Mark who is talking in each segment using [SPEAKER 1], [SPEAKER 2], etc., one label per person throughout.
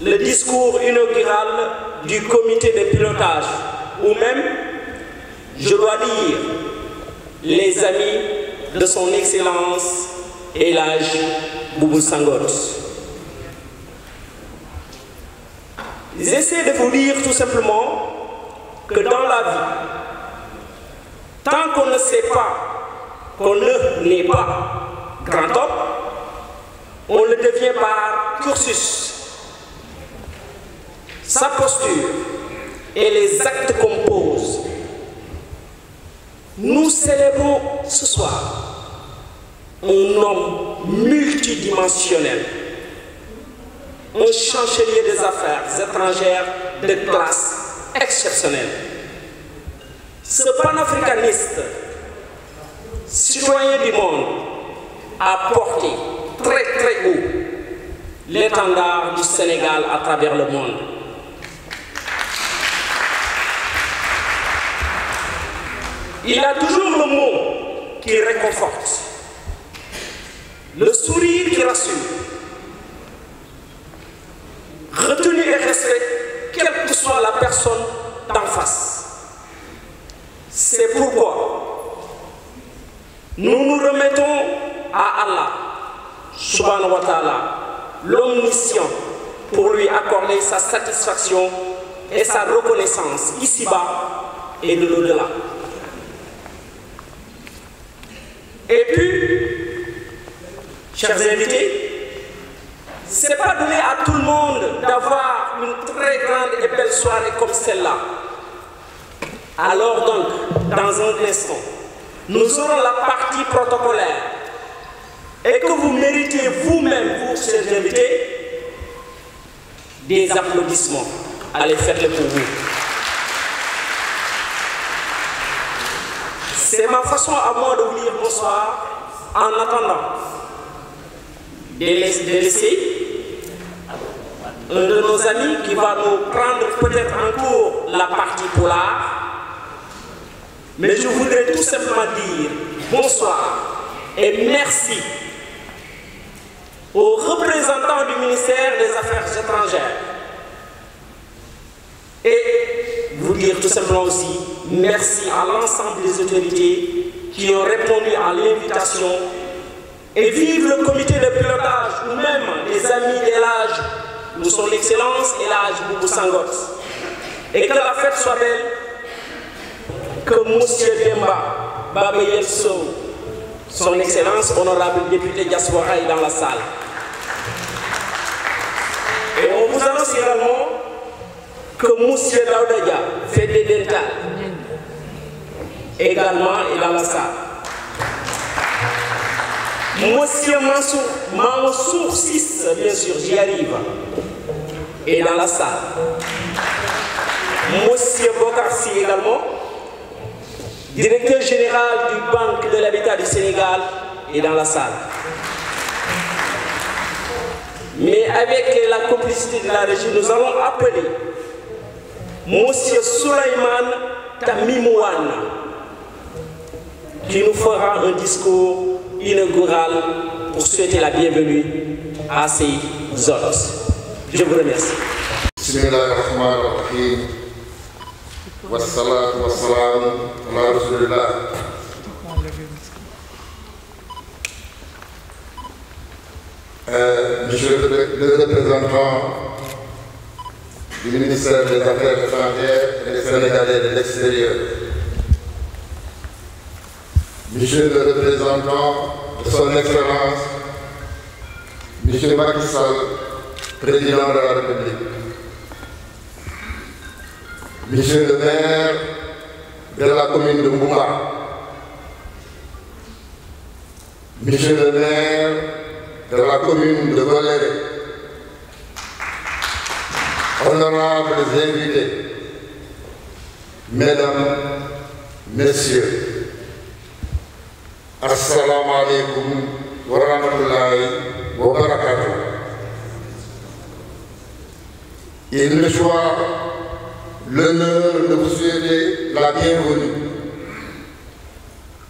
[SPEAKER 1] Le discours inaugural du comité de pilotage, ou même, je dois dire, les amis de son Excellence Elage Boubou Sangot. J'essaie de vous dire tout simplement que dans la vie, tant qu'on ne sait pas, qu'on ne n'est pas grand homme, on ne devient pas cursus sa posture et les actes qu'on pose. Nous célébrons ce soir un homme multidimensionnel, un chancelier des affaires étrangères de classe exceptionnelle. Ce panafricaniste, citoyen du monde, a porté très très haut l'étendard du Sénégal à travers le monde. Il a toujours le mot qui réconforte, le sourire qui rassure. Retenu et respect, quelle que soit la personne d'en face. C'est pourquoi nous nous remettons à Allah, subhanahu wa ta'ala, l'omniscient, pour lui accorder sa satisfaction et sa reconnaissance ici-bas et de l'au-delà. Et puis, chers invités, ce n'est pas donné à tout le monde d'avoir une très grande et belle soirée comme celle-là. Alors donc, dans un instant, nous aurons la partie protocolaire et que vous méritez vous-même, vous, chers invités, des applaudissements. Allez, faites-le pour vous. soit à moi de vous dire bonsoir en attendant de un de nos amis qui va nous prendre peut-être en cours la partie polar. Mais je voudrais tout simplement dire bonsoir et merci aux représentants du ministère des Affaires étrangères et vous dire tout simplement aussi merci à l'ensemble des autorités qui ont répondu à l'invitation et vive le comité de pilotage ou même les amis de l'âge de son excellence l'âge Boubou Sangot. Et que la fête soit belle, que Monsieur Demba Babeyeso, son excellence honorable député Diaspora dans la salle. Et on vous annonce également que Monsieur Daoudaya, fait des également est dans la salle. Monsieur Mansour, 6, bien sûr, j'y arrive, est dans la salle. Monsieur Bokarsi également, directeur général du Banque de l'Habitat du Sénégal, est dans la salle. Mais avec la complicité de la région, nous allons appeler Monsieur Souleyman Tamimouane, qui nous fera un discours inaugural
[SPEAKER 2] pour souhaiter la bienvenue à ces hôtes. Je vous remercie. Euh, monsieur le, le représentant du ministère des Affaires étrangères et des Sénégalais de l'extérieur, Monsieur le représentant de son Excellence, Monsieur Macky Sall, Président de la République, Monsieur le maire de la commune de Mouba, Monsieur le maire de la commune de Valéry, honorables invités, Mesdames, Messieurs, Assalamu alaikum wa rahmatullahi wa il me soit l'honneur de vous souhaiter la bienvenue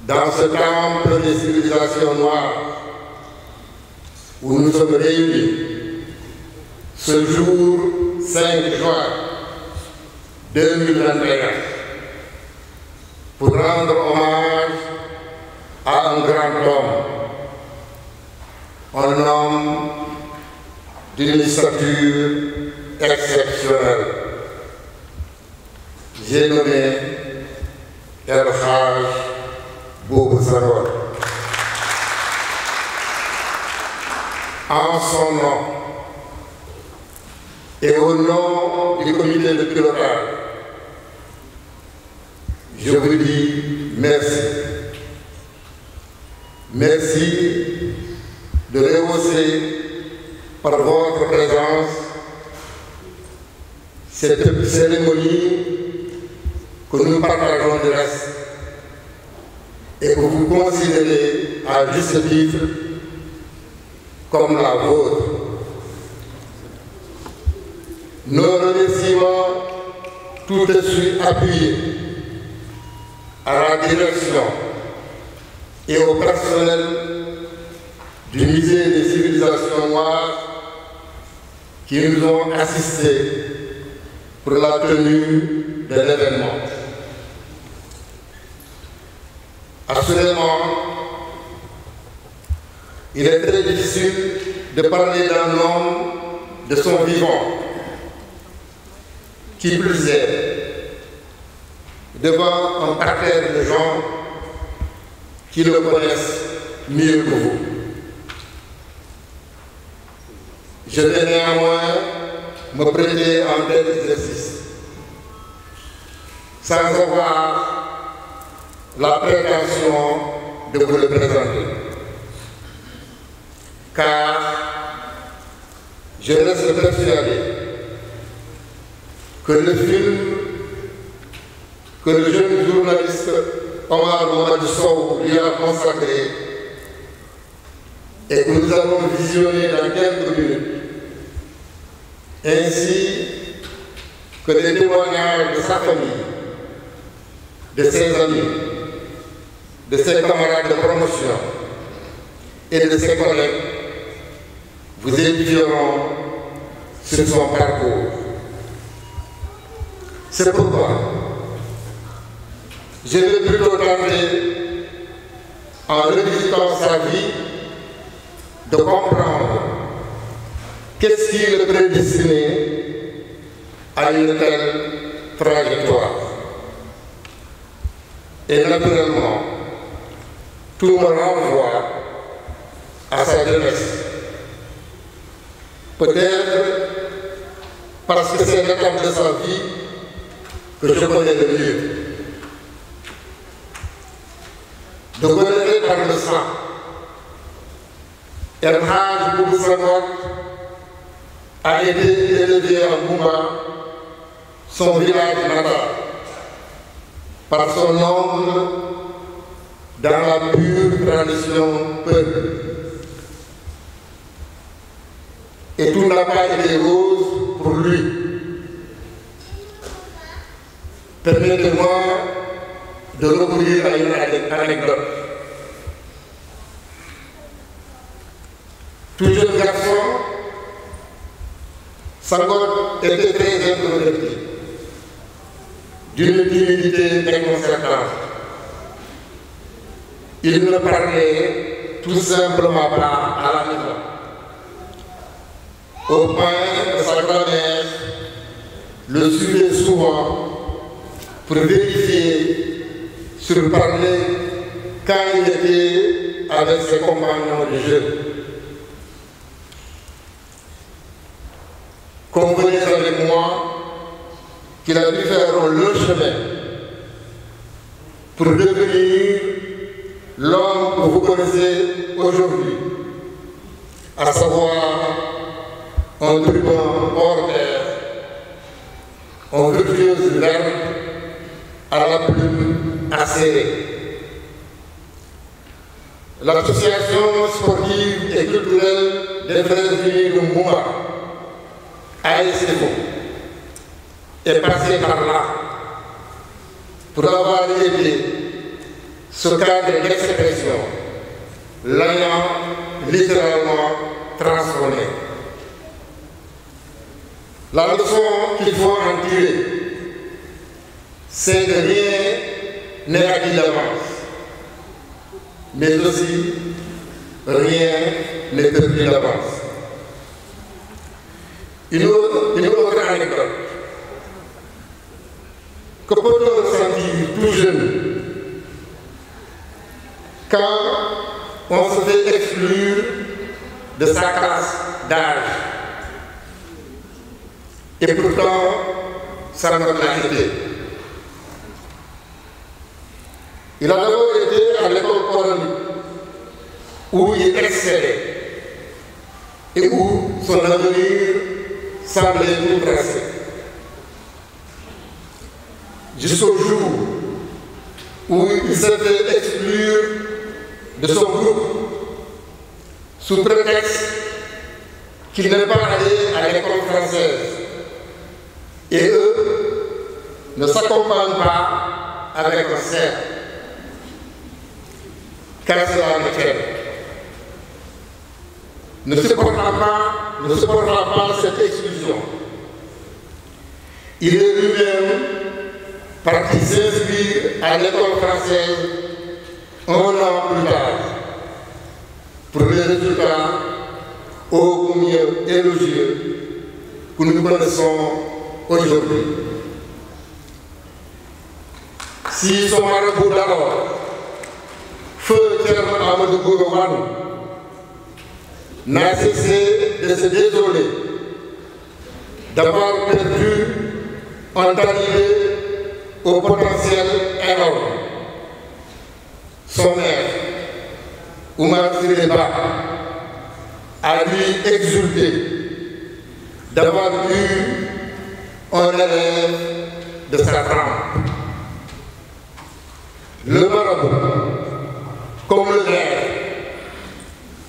[SPEAKER 2] dans ce temple des civilisations noires où nous sommes réunis ce jour 5 juin 2021 pour rendre hommage à un grand homme, un homme d'une stature exceptionnelle. J'ai nommé El Haj Boubou En son nom et au nom du comité de pilotage, je vous dis merci. Merci de rehausser par votre présence cette cérémonie que nous partageons de reste et que vous considérez à juste titre comme la vôtre. Nos remerciements tout de suite appuyés à la direction et au personnel du musée des civilisations noires qui nous ont assistés pour la tenue de l'événement. Assurément, il est très difficile de parler d'un homme de son vivant, qui plus est, devant un parterre de gens qui le connaissent mieux que vous. Je vais néanmoins me prêter en tel exercice, sans avoir la prétention de vous le présenter. Car je reste persuadé que le film que le jeune journaliste du soir où lui a consacré et que nous allons visionner dans quelques minutes, ainsi que des témoignages de sa famille, de ses amis, de ses camarades de promotion et de ses collègues, vous étudieront sur son parcours. C'est pourquoi je vais plutôt tenter, en revisitant sa vie, de comprendre qu'est-ce qui le prédestinait à une telle trajectoire. Et naturellement, tout me renvoie à sa jeunesse. Peut-être parce que c'est l'étape de sa vie que je connais le mieux. dogoɗeɗe le le en haaju bubusanor a aidé élevé à Bumba son village natal par son nombre dans la pure tradition peuple. Et tout n'a pas été rose pour lui. Permettez-moi de revenir à une anecdote. Toujours garçon, Senghor était très introverti, d'une timidité déconcertante. Il ne parlait tout simplement pas à la maison.
[SPEAKER 3] Au point de sa grand-mère
[SPEAKER 2] le suivait souvent pour vérifier, parler quand il était avec ses compagnons de jeu. pour devenir l'homme que vous connaissez aujourd'hui. de son groupe, sous prétexte qu'il n'est pas allé à l'école française. Et eux ne s'accompagnent pas avec un cerf Car cela
[SPEAKER 3] ne ne supportera
[SPEAKER 2] pas, ne supportera pas cette exclusion. Il est lui-même parti s'inscrire à l'école française un an plus tard pour les résultats ô combien élogieux que nous connaissons aujourd'hui. Si son marabout d'alors, feu à Amadou gouvernement, n'a cessé de se désoler d'avoir perdu en arrivée au potentiel énorme son maire, Oumar Ba, a lui exulté d'avoir eu un élève de sa trempe. Le marabout, comme le maire,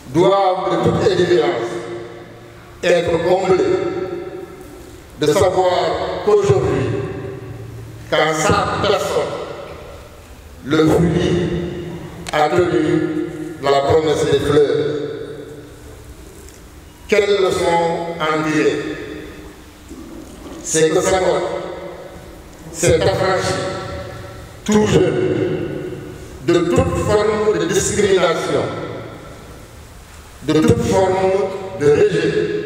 [SPEAKER 2] doit de toute évidence être comblé de savoir qu'aujourd'hui, quand sa personne, le fruit a tenu la promesse des fleurs. Quelle leçon en C'est que ça c'est affranchi, tout jeune, de toute forme de discrimination, de toute forme de rejet,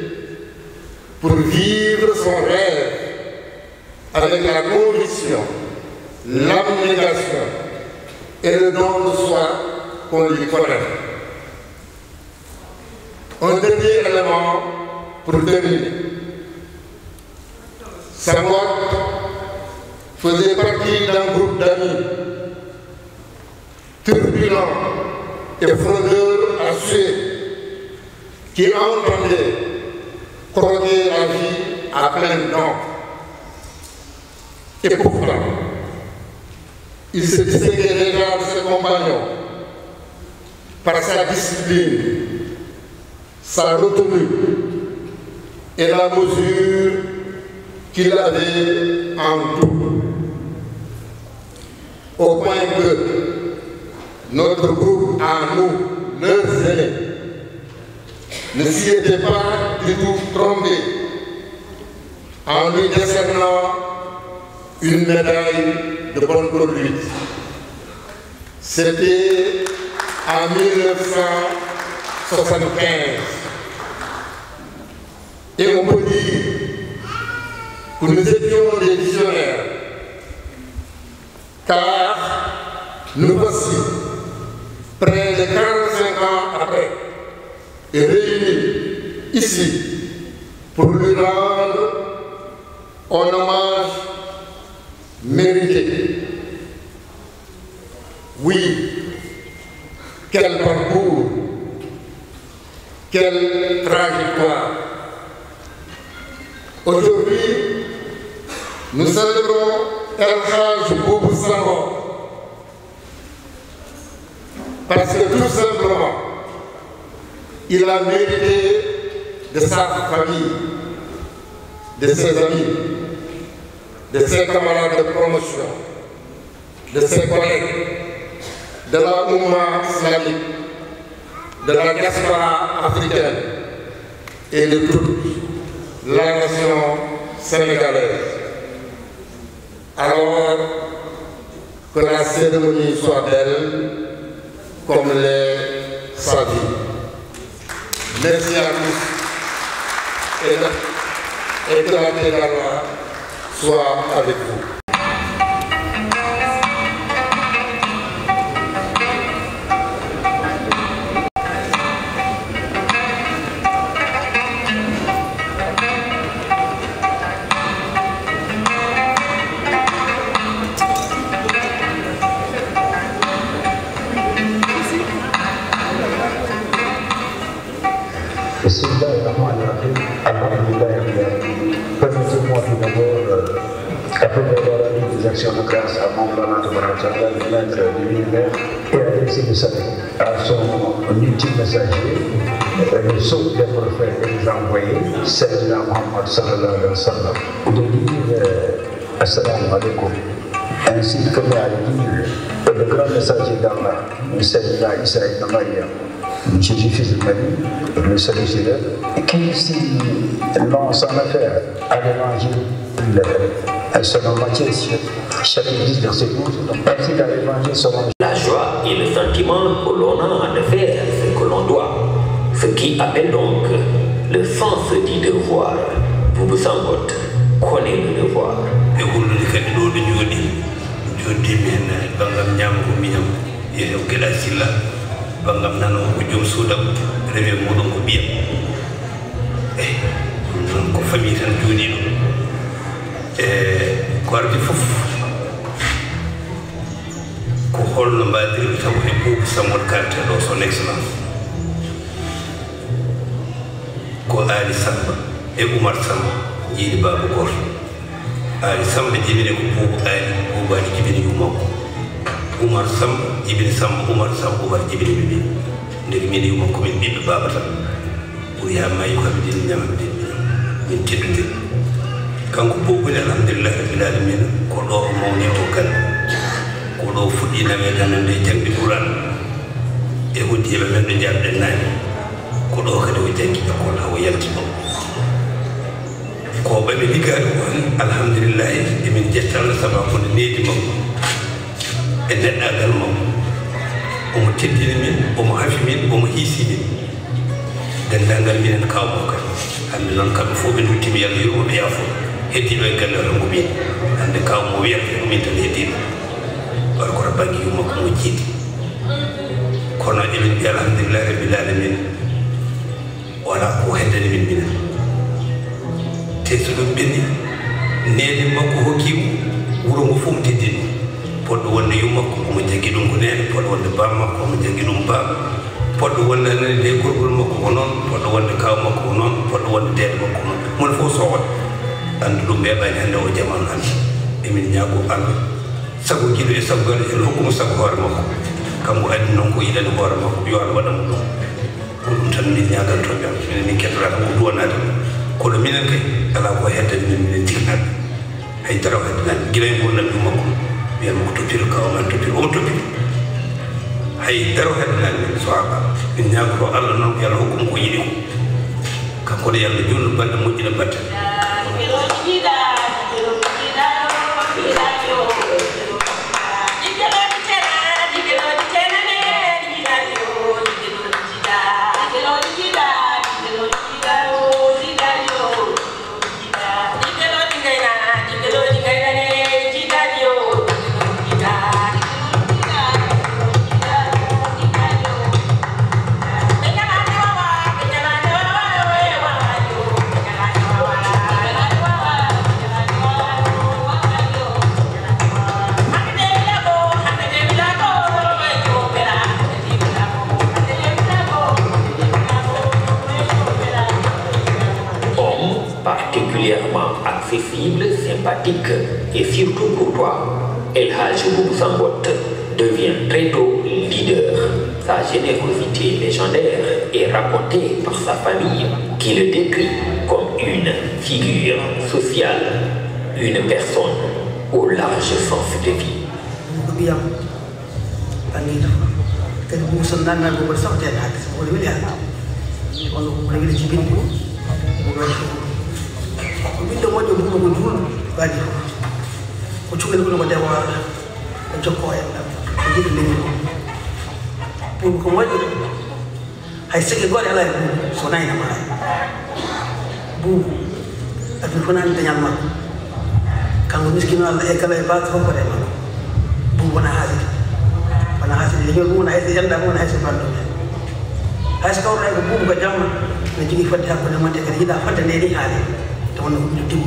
[SPEAKER 2] pour vivre son rêve avec la conviction, l'abnégation, et le don de soi qu'on lui connaît. Un dernier élément pour terminer. Savoir faisait partie d'un groupe d'amis turbulents et frondeurs à suer qui entendaient croquer la vie à plein nom Et pourquoi il se distinguait déjà de ses compagnons par sa discipline, sa retenue et la mesure qu'il avait en tout. Au point que notre groupe à nous, leurs aînés, ne s'y était pas du tout trompé en lui décernant une médaille de bonne C'était en 1975. Et on peut dire que nous étions des visionnaires, car nous voici, près de 45 ans après, et réunis ici pour lui rendre un hommage mérité. Oui, quel parcours, quelle trajectoire. Aujourd'hui, nous célébrons El Hajj parce que tout simplement, il a mérité de sa famille, de ses amis de ses camarades de promotion, de ses collègues, de la mouvement islamique, de la diaspora africaine et de toute la nation sénégalaise. Alors que la cérémonie soit belle comme l'est sa vie. Merci à tous et, à que la soit avec vous.
[SPEAKER 4] Muhammad sallallahu alayhi wa sallam, de dire Assalamu alaikum, ainsi que l'a dit le
[SPEAKER 5] grand messager d'Allah, Sayyidina Isa ibn Maryam, Jésus-Fils de Marie, le salut qui s'y lance en affaire à l'évangile
[SPEAKER 4] selon Matthieu, chapitre 10, verset 12, ainsi qu'à l'évangile selon La joie et le sentiment que l'on a de faire ce que l'on doit, ce qui appelle donc le sens du devoir. bubusangot kone dole kwa e kullu kadi do do jodi jodi men bangam nyam ko miyam ye o gela sila bangam nano ko jom sudam rewe modon ko biyam e non ko fami tan joni do e ko arti fof ko holno mbadir taw e bubu sangot carte do son excellence ko ali sabba e umar sam jiiɗi baaba gooto aali samde jibine ko buubu aali buubaani jibine yumakko umar sam jibine samba umar sam umar jibine mi min ndeke min yumakko min ɓiɓɓe baaba tan ɓuri ha mayi kami din ñamamde min teddudir kanko buubuni alhamdulillah bilaali min ko ɗo mawni o gande ko ɗo fuɗɗi naweganna nde jangdi ɓuran e, e, e hundi yeɓe men ɗo jaaruɗen naani ko ɗo kadi o jangki ɓakkol ha o yalti ɓom wani ligaali on alhamdulillah emin jettalla samakonde needi makko e neɗɗagal makko omo teddini min omo afi min omo hiisi min denndangal minen kawmokan hande noon kamɓe fof ɓe duttimi yalla yurmo ɓeya fo heddiɓe e gandara ngo min hande kawmo wiyata min tan heddino wara kota baŋgi yumakko mo jiidi kono emin mbi alhamdulillah rabbil alamina wala ko heddani min minen teddu ɗum ɓenni nene makko hokkimo wuro ngo fof mo teddino wonde yum makko omo jaggi ɗum ko nene poɗɗo wonde bam makko omo jaggi ɗum bam poɗɗo wonde nene de gorgol makko ko wonde kaw o sago e en hokkumo sago hoore makko kanko addi noon ko yiɗani hoore makko yo ko tan min min ko duwanade kono minen kay ala ko heddani min minen jirnaɓe haydara o heddanaɓe guila e makko mbiyanmo ko toppiro ka oman toppiro omo toppiro haydara o heddanaɓe min sohaba min ñagoto allah noon ko yallah hokkumo ko yiɗi ko kanko yallah jonno balɗe moƴƴina batte
[SPEAKER 6] accessible, sympathique et surtout courtois, El Hajou Boubou devient très tôt leader. Sa générosité légendaire est racontée par sa famille
[SPEAKER 7] qui le décrit comme une figure sociale, une personne au large sens de vie. Ujumbe mmoja muhimu kujua bali uchumi ni kuna madawa nachokoa ya kujili nini. Mungu mmoja haisiki gole ala ibu sona ina mai. Bu atukuna ntanyama. Kangu miskino ala ekala ibatu kwa kwa Bu wana hazili. Wana hazili yenyewe muna hizi yanda muna hizi pando. Hasa kaona ibu bu kwa jama na jigi fata kuna mwantekele jida fata neli hali. tawanna ko ɗum timo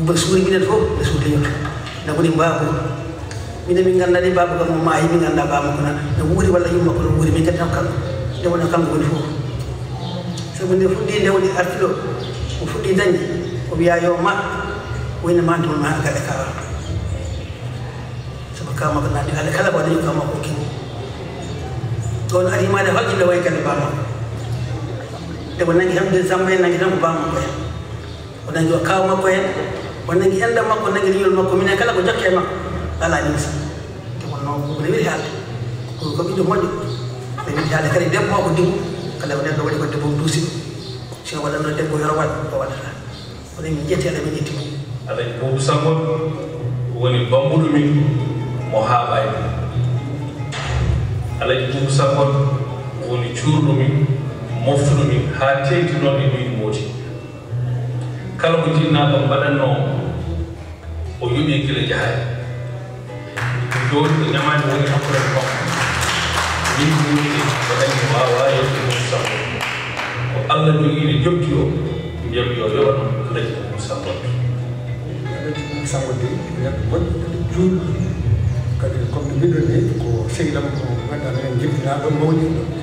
[SPEAKER 7] bubak suuri minen fof ɓe suudeñoto nagoni mbaako minen min gannda ni baaba kam mo maayi min gannda baaba ko nan no wuuri walla yumma ko no wuuri min kadi tan kam nde woni kanko woni fof sabu nde fuɗɗi nde woni o fuɗɗi dañi o wiya yo ma wayno ma nde won ma gaɗa kawa sabu kawma ko wonangi hamde sambo en nangi tan ko bamma ko hen wonangi o kaw makko hen wonangi endam makko nangi liñol makko minen kala ko jokke e makko ala nimsa te wonno ne wiri haalde ko ɓiɗo moƴƴo ɓe wiri haalde kadi debbo ko dimu kala ko neɗɗo waɗi ko debbo duusiɗo sino waɗanno debbo yoro waɗ o waɗata oɗen min jetti
[SPEAKER 4] ala min jettimo alaji bobu sambo woni bambuɗo min mo
[SPEAKER 1] haaɓa e alaji bobu sambo woni cuurɗo min moftuɗumi haa teytunoon e ɗum mooti kala ko jinnaaɗo mbaɗatno o yoɓii gila jahay jooni ko ñamaani woni hakkuren kon yimɓeɓe ko dañi waawa yewte mum sambo ko allah jogiino jobdi
[SPEAKER 8] o mbiyam yo yoɓano dañi ko mum sambode dañi ko mum sambode neɗɗo woɗɗo juulɗo kadi comme no mbiɗon ni ko sehilam ko ganduɗa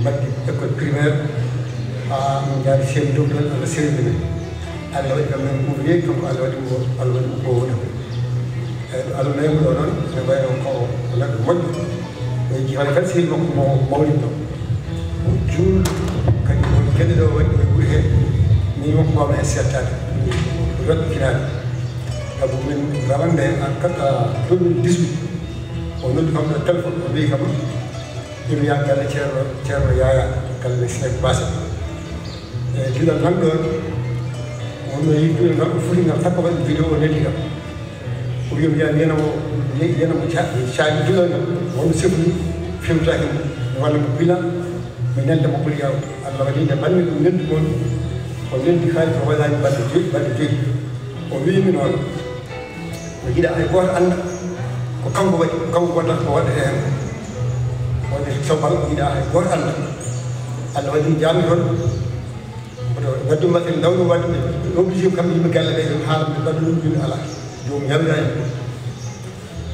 [SPEAKER 8] mbaddi école primaire mi jaari semi dow ɗon allah serdi men allah waɗi ɗon men ɓuuri yeeyi kanko allah waɗi o allah waɗi o wona eyi allah nayimo ɗo noon ene wayno ko ko neɗɗo moƴƴo e jihana kadi sehiɗi makko mo mawlid ɗo juul kadi woni geɗe ɗo waɗi ɗo ɓuuri heen min wonko mbawno en settade waɗɗo kinaade sabu min rawande en en 2018 o noddi kam ɗo téléphone o mbiyi kama Imyan kala cerro cerro yaya kala snack basa e kila nando ono yitu na ufuri na taka ba video ne liga uyo ya nena mo ye yana mo cha cha kila na ono sebu film ta hin wala mo bila minal da mo kuliya Allah wali da banmi dum nen ko ko nen di khal ko wala ba de ba de o wi min on ko gida ay ko an ko kanko wadi kanko wata ko wada hen wonde cofal yiɗa hay goto anda allah waɗi jaami toon oto waddu maɓɓe dawɗo wadde ɓe obligé kam yimɓe galle ɓe ɗum haala ɓe mbaɗa ɗum ɗum ala jomum yamdani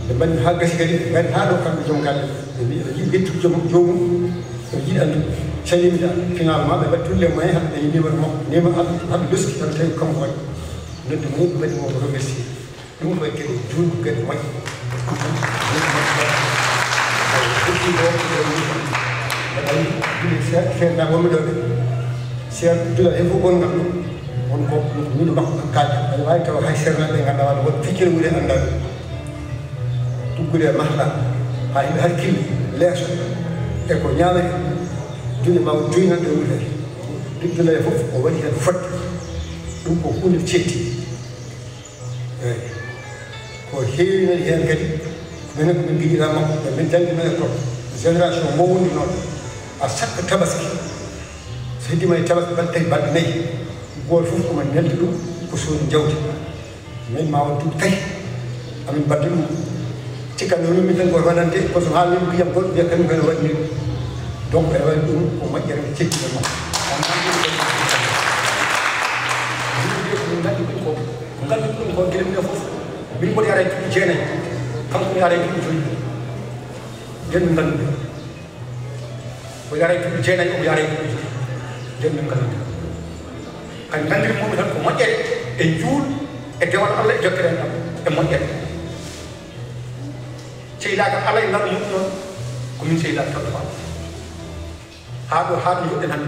[SPEAKER 8] ɓe mbaɗi ha gasi kadi ɓe gari ha ɗo kamɓe joom galle ɓe mbi ɓe jiɗi ƴettude joom jomum ɓe jiɗi andu salimida finalement ɓe mbaɗi tulle moyen haɓe dañi numéro makko nima haɓe luski tan tawi kanko waɗi nodde mum ɓe mbaɗi mo remercié ɗum waɗi kadi juutdu kadi moƴƴi
[SPEAKER 9] ay julit fen da wonu dobe sel tula e fukon ngam on ko ni do makko
[SPEAKER 8] kaaje ay way taw hay serna be ngam dawal ko fikir mu de andal tugude mahla hay har kili leso e ko nyaame juli ma juli nan beneen bi nit ñi daa bokk mais benn jàng mën a toog génération moo wundi noonu à chaque tabaski sey dimay tabaski ba tey baɗɗo nayi goto fof omo nelda ɗum ko soni jawdi min ma won duuɓi tati amin mbadda ɗum cikkanno min min tan goto waɗante kono so haalnima mbiyam goɗɗo mbiya kañum kene waɗi ɗum donc ene waɗi ɗum ko moƴƴere nde cekkino ma ko
[SPEAKER 10] nganndi ɗum ko ko nganndi ɗum ko gila mbiɗa fof min mboɗi ara e duuɓi jeenayyi kanko yaare duuɓi joyi nden min nganndi o yaare duuɓi jeenayi omo yaare duuɓi joyi nden min nganndi kadi nanndiri mumen tan ko moƴƴere e juul e dewal allah e jokkere en am e moƴƴere sehilaaka ala e ngal muɗum noon ko min sehilaaka tan faa haa ɗo haa ɗo joɗɗen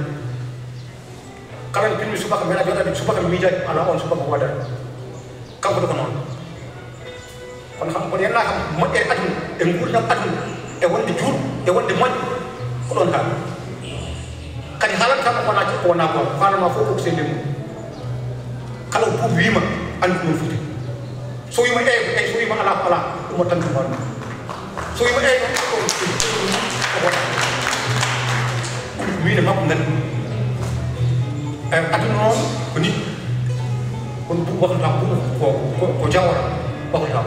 [SPEAKER 10] mi ala on ko kono xam ko yalla xam moƴƴere aduna e gurdam aduna e wonde juur e wonde moƴƴe ko ɗon haali kadi haalantama wona ko wona ko haalama ma ko sende mum kala andu so so ala ko ala tan ɗum waɗu so wiima eyi ko wona wiide makko ngandi aduna noon ko ni kono buub waxata ko ko ko jawora ko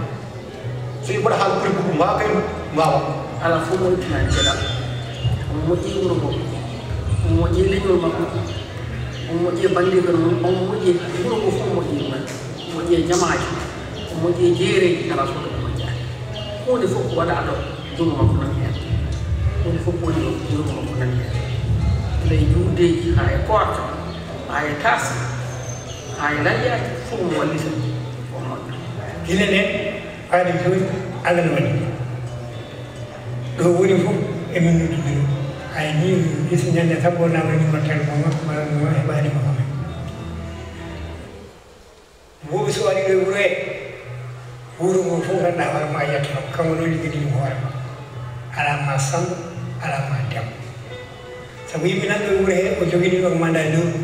[SPEAKER 10] so mbaɗa haala ɓuri bugu mbawa kay
[SPEAKER 7] mbawa ala fof mo ruttinani geɗal on moƴƴi wuro ngo on moƴƴi leñol makko on moƴƴi bandigal mum on moƴƴi wuro ngo fof moƴƴi ɗumen on moƴƴi e jamaji on moƴƴi e jeereji kala so ɗum moƴƴani hunde fof ko waɗa ɗo jumo makko nani hen hunde fof woni ɗo jumo makko nani hen ley juudeji ha e korka ha e tasa ha e layyaji fof mo wallita on moƴƴo hinen en faade joni allah no waɗi
[SPEAKER 10] ɗo woni fof emin noddidiri hay ni ɗiso ñande tan wona waɗi mbattere mo wala no heɓani mo Guru woɓi so waɗi ɗo wuro he wuro di fof ganduɗa Alam ma alam kanko no liggadimi hoore ma ala ma sango ala ma dembo sabu yimɓe nan ɗo he o joguini ɗo ko manda lewru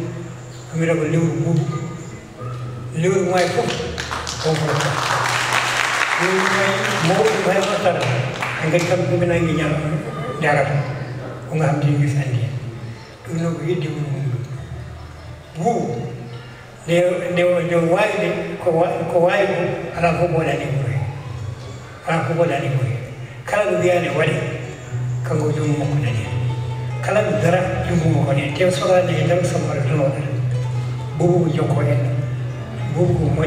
[SPEAKER 10] moy xatar ngal kam ko bina ngi ñal dara ko di ngi sandi dum no yiddi bu de de de waide ko wa ko waide ala ko bola ni ko ala ko bola ni ko kala du ya ne wadi kango jum mo ko bu joko bu bu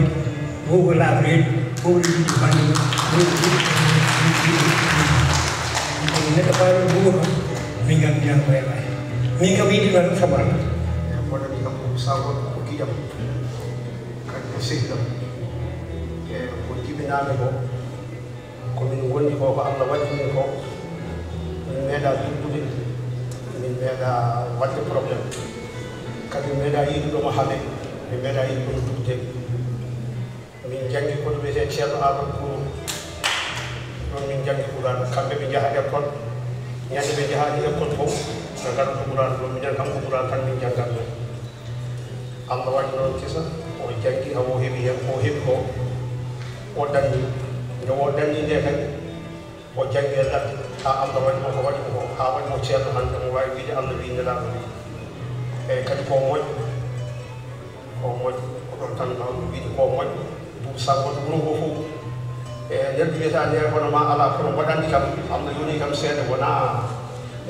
[SPEAKER 10] bu bu இன்னைக்கு பாருங்க பூகம் மிக அங்கேயான பயனாய் மிக வீடு வரும்
[SPEAKER 11] சவால் போட மிக சாவல் குட்டிடம் கட்டு செய்தம் குட்டிபினானோ komin gondi ko ko allah waɗi min ko min meeɗa duddude min meeɗa waɗde probléme kadi min meeɗa yiɗuɗoma haale min meeɗa yiɗuɗoma dugde min jangi ko dum wiyete cheno amadou kourou ɗon min jangi quran kambe be jaha école ñande ɓe jahani école fof ɓe nganndu ko ɓuran ɗon minen kam ko ɓuran tan min jangi ɗum allah wa no noon sa o jangi kam o heɓi hen ko heɓi ko o danni nde o danni de kan o jangi la ta ha allah waɗimo ko wadi ko ha waɗimo ceerno hannde mo wawi wiide allah wi la ko e kan ko moƴƴo ko moƴƴo ko ɗon tan nawɗo wiide ko moƴƴo saggo to wuro ngo fof e nden duwiyeta nde hono ma ala kono waɗanɗi kam allah yoni kam seeɗa wona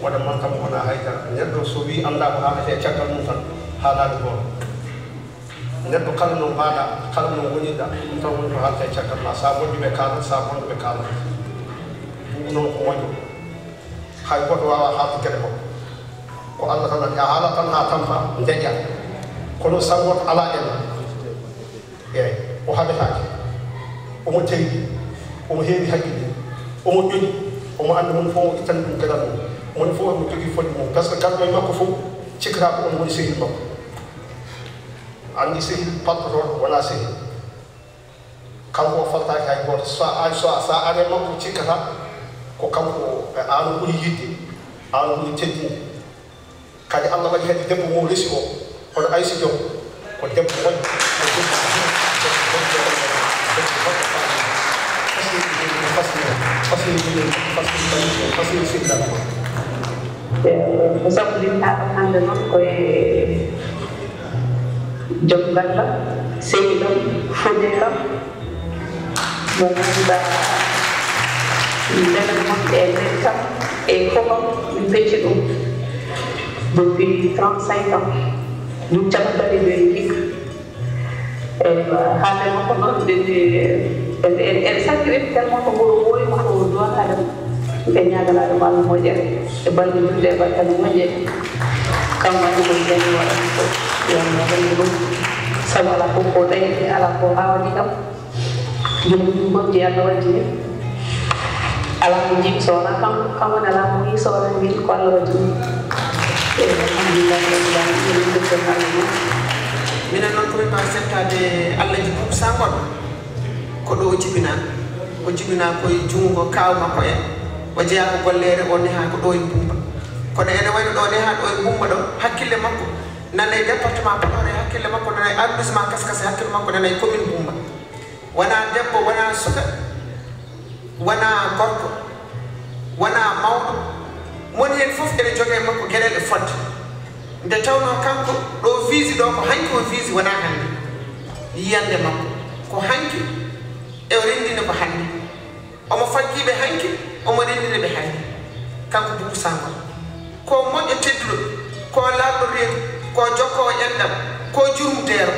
[SPEAKER 11] waɗa man kam wona ne neɗɗo so wi annda ko haalete caggal mum tan haalaade ne neɗɗo kala no mbaɗa kala no woniɗa ɗum tan woni ko haalete caggal ma sa wonɗi ɓe kaalat sa wonɗo ɓe kaalat ɗum noon ko woño hay goɗɗo wawa haalde geɗe makko ko allah tan a haala tan ha tampa deƴƴa kono sangoto ala en eyyi ɔhabe hake ɔmo tɛyi ɔmo heewi hakkille ɔmo ƴoƴi ɔmo annda mon fof ittande ɗum gadal mum moni fof omo jogii fodde mum par ce que kalɗo e makko fof cikkataaɓe on woni sehil makko anndi sehil paltotoon wonaa sehil kanko o faltaaki hay gooto so a so so a ari e makko cikkata ko kanko aan eh, o ɓuri yiɗde aan o ɓuri teddinde kadi allah waɗi hedde debbo mo resi o hono aysa jom والجنب الغلب والجنب خصم
[SPEAKER 7] خصم خصم خصم Nous l'État en train de manquer John Bala, Sénilom, Fodera.
[SPEAKER 3] Voilà, nous avons des et comment nous faisons depuis 35 ans. diucapkan dari hal eh, yang kono dari sakit tellement ko buru boy ma ko do hada be nyaaga la wal mo je e balde du de bakka mo je kam ma ko je ni wala ko ya ma ko ni ko sama la ko ko dai ala ko hawa di kam jom ko je ala waji ala ko jim
[SPEAKER 7] so na kam kam na la mo ni so na ni ko ala minen noon komi mbawi settade allah jibub
[SPEAKER 12] sangol ko ɗo o jibina o jibina koye junngo kaw makko en o jeeya ko gollere o neha ko ɗo e bumba kono ene wayno ɗo ne ɗo e gumba ɗo hakkille makko nana e département podor hakkille makko nana e arrondissement kaskase hakkille makko nana e commune gumba wona debbo wona suka wona gorko wona mawɗo moni hen fof ene jogee makko geɗele fodde nde tawno kanko ɗo viisi ɗo ko hanki o viisi wona hannde yiyande makko ko hanki e o renndina ko hannde omo fankiiɓe hanki omo renndina ɓe hannde kanko duusangol ko moƴƴo tedduɗo ko laaɓɗo reedu ko jokkoo ƴenndam ko jurum deero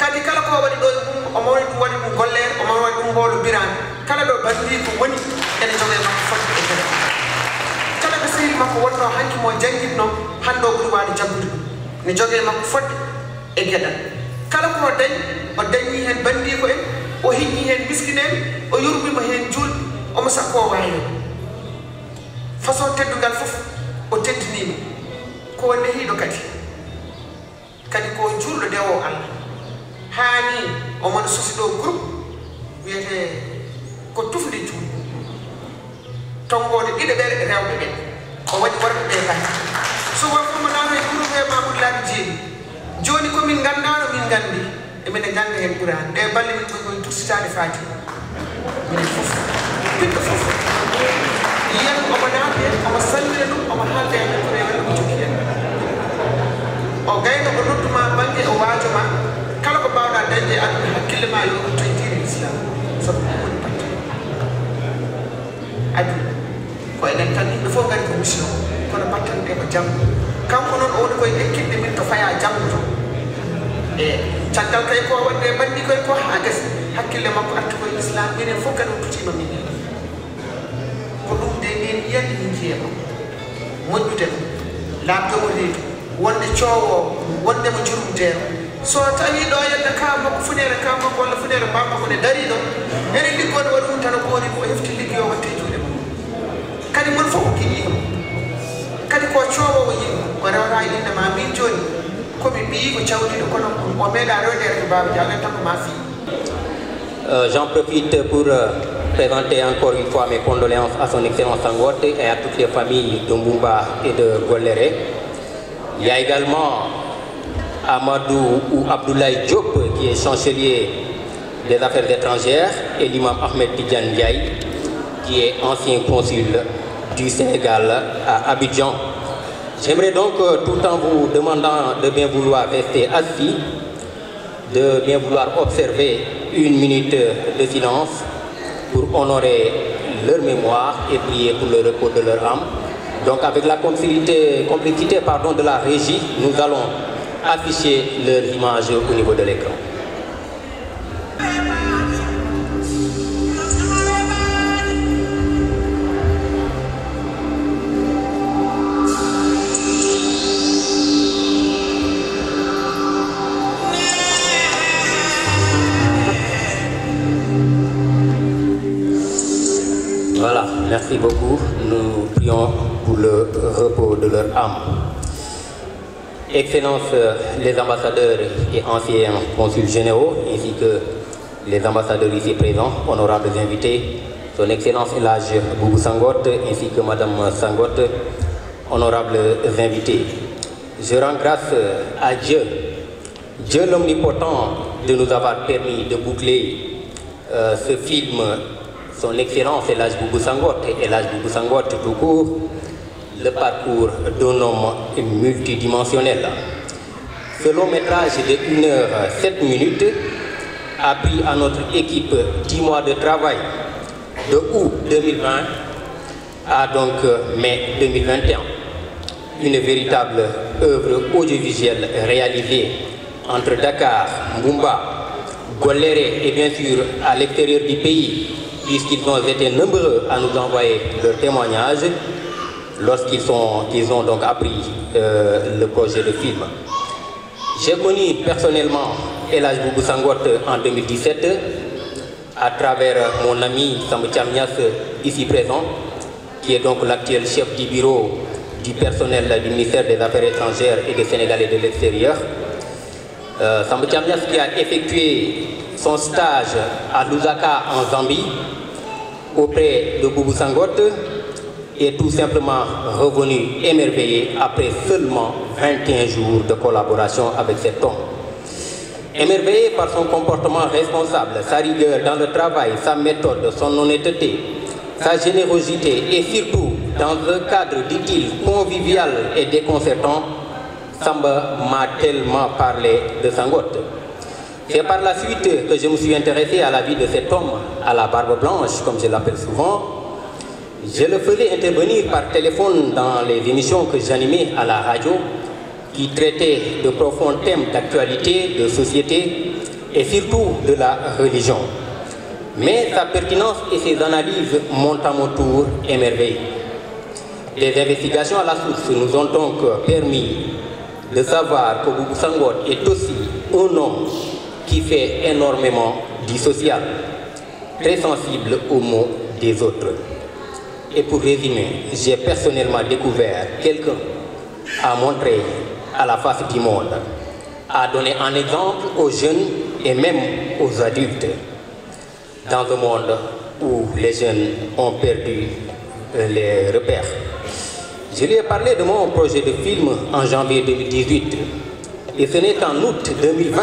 [SPEAKER 12] kadi kala ko waɗi ɗo ɗum omo waɗi ɗum waɗi ɗum golleere omo waɗi ɗum mboolo biraani kala ɗo ko woni ene jogee makko makko wonno hanki mo jangitno hande o ɓuri waade jabbude ni jogue makko fodde e gueɗal kala kono dañi o dañi hen bandiko en o hiñi hen miskinen o yurmima hen juulɓe omo sakko o wawi hen façon teddugal foof o teddinima ko nehiɗo kadi kadi ko juurɗo ndewo allah haani omona sosi ɗo groupe wiyete ko tufde juuɗe tongode ɗiɗo ɓere rewɓe ɓen o waɗi worɓe ɓe kay so worko mo naano e groupe e mamoudou jeeni joni komin gandano min gandi emine ganda hen ɓuran ɗe balle min koy koye tursitade faati minen fof ɓiɗɗo foof yiyen omo naata hen omo sallira ɗum omo halde hen ko rewe omo jogi hen o gayno ko nodduma banggue o waajo ma kala ko mbawɗa dañde aduna hakkille ma yo ɗum toye dine l'islam sabu woni batte aduna koye tan yimɓe fof gari ko mission kono batten ɗe ko jamgo kanko noon o woni koye ɗen min to faya jamgo to e caggal kay ko wonde banndi koye ko haa gasi hakkille makko artu koye islam minen fof kadi hututima min ko ɗum de min yiyani min jeyama moƴƴude ko laabde o reedu wonde coowo wonde mo jurumteero so tawi ɗo yedde ka makko funere ka makko walla funere mbammakko ne dari ɗo ene liggode waɗi ɗum tan ko woni ko hefti liggi o watte
[SPEAKER 6] Euh, j'en profite pour euh, présenter encore une fois mes condoléances à son excellence Sangote et à toutes les familles de Mbumba et de Goléré. Il y a également Amadou ou Abdoulaye Diop qui est chancelier des affaires étrangères et l'imam Ahmed Tidjan qui est ancien consul du Sénégal à Abidjan. J'aimerais donc, euh, tout en vous demandant de bien vouloir rester assis, de bien vouloir observer une minute de silence pour honorer leur mémoire et prier pour le repos de leur âme. Donc avec la complexité, pardon, de la régie, nous allons afficher leur image au niveau de l'écran. Merci beaucoup. Nous prions pour le repos de leur âme. Excellences, les ambassadeurs et anciens consuls généraux, ainsi que les ambassadeurs ici présents, honorables invités, son Excellence Elage Boubou Sangote, ainsi que Madame Sangote, honorables invités. Je rends grâce à Dieu, Dieu l'Omnipotent, de nous avoir permis de boucler euh, ce film son Excellence Elhaj Boubou et Elhaj Boubou tout court, le parcours d'un homme multidimensionnel. Ce long métrage de 1 heure 7 minutes a pris à notre équipe 10 mois de travail, de août 2020 à donc euh, mai 2021. Une véritable œuvre audiovisuelle réalisée entre Dakar, Mbumba, Goléré et bien sûr à l'extérieur du pays puisqu'ils ont été nombreux à nous envoyer leurs témoignages lorsqu'ils ont donc appris euh, le projet de film. J'ai connu personnellement Elage Boubou en 2017 à travers mon ami Samutiam Nias ici présent, qui est donc l'actuel chef du bureau du personnel du ministère des Affaires étrangères et des Sénégalais de l'extérieur euh, qui a effectué son stage à Lusaka en Zambie auprès de Boubou Sangote est tout simplement revenu émerveillé après seulement 21 jours de collaboration avec cet homme. Émerveillé par son comportement responsable, sa rigueur dans le travail, sa méthode, son honnêteté, sa générosité et surtout dans un cadre, dit-il, convivial et déconcertant, Samba m'a tellement parlé de Sangote. C'est par la suite que je me suis intéressé à la vie de cet homme, à la barbe blanche, comme je l'appelle souvent. Je le faisais intervenir par téléphone dans les émissions que j'animais à la radio, qui traitaient de profonds thèmes d'actualité, de société et surtout de la religion. Mais sa pertinence et ses analyses m'ont à mon tour émerveillé. Les investigations à la source nous ont donc permis de savoir que vous Sangot est aussi un homme qui fait énormément du social, très sensible aux mots des autres. Et pour résumer, j'ai personnellement découvert quelqu'un à montrer à la face du monde, à donner un exemple aux jeunes et même aux adultes, dans un monde où les jeunes ont perdu euh, les repères. Je lui ai parlé de mon projet de film en janvier 2018 et ce n'est en août 2020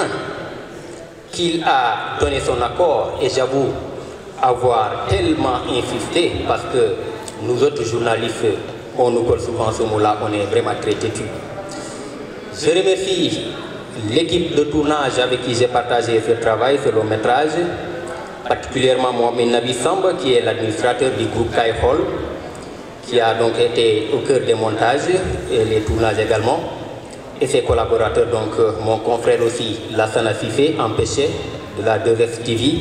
[SPEAKER 6] qu'il a donné son accord et j'avoue avoir tellement insisté parce que nous autres journalistes, on nous colle souvent ce mot-là, on est vraiment très têtu. Je remercie l'équipe de tournage avec qui j'ai partagé ce travail, ce long métrage, particulièrement Mohamed Nabi Samba qui est l'administrateur du groupe Kai Hall, qui a donc été au cœur des montages et les tournages également. Et ses collaborateurs, donc euh, mon confrère aussi, Lassana Fifé, empêché de la 2F TV.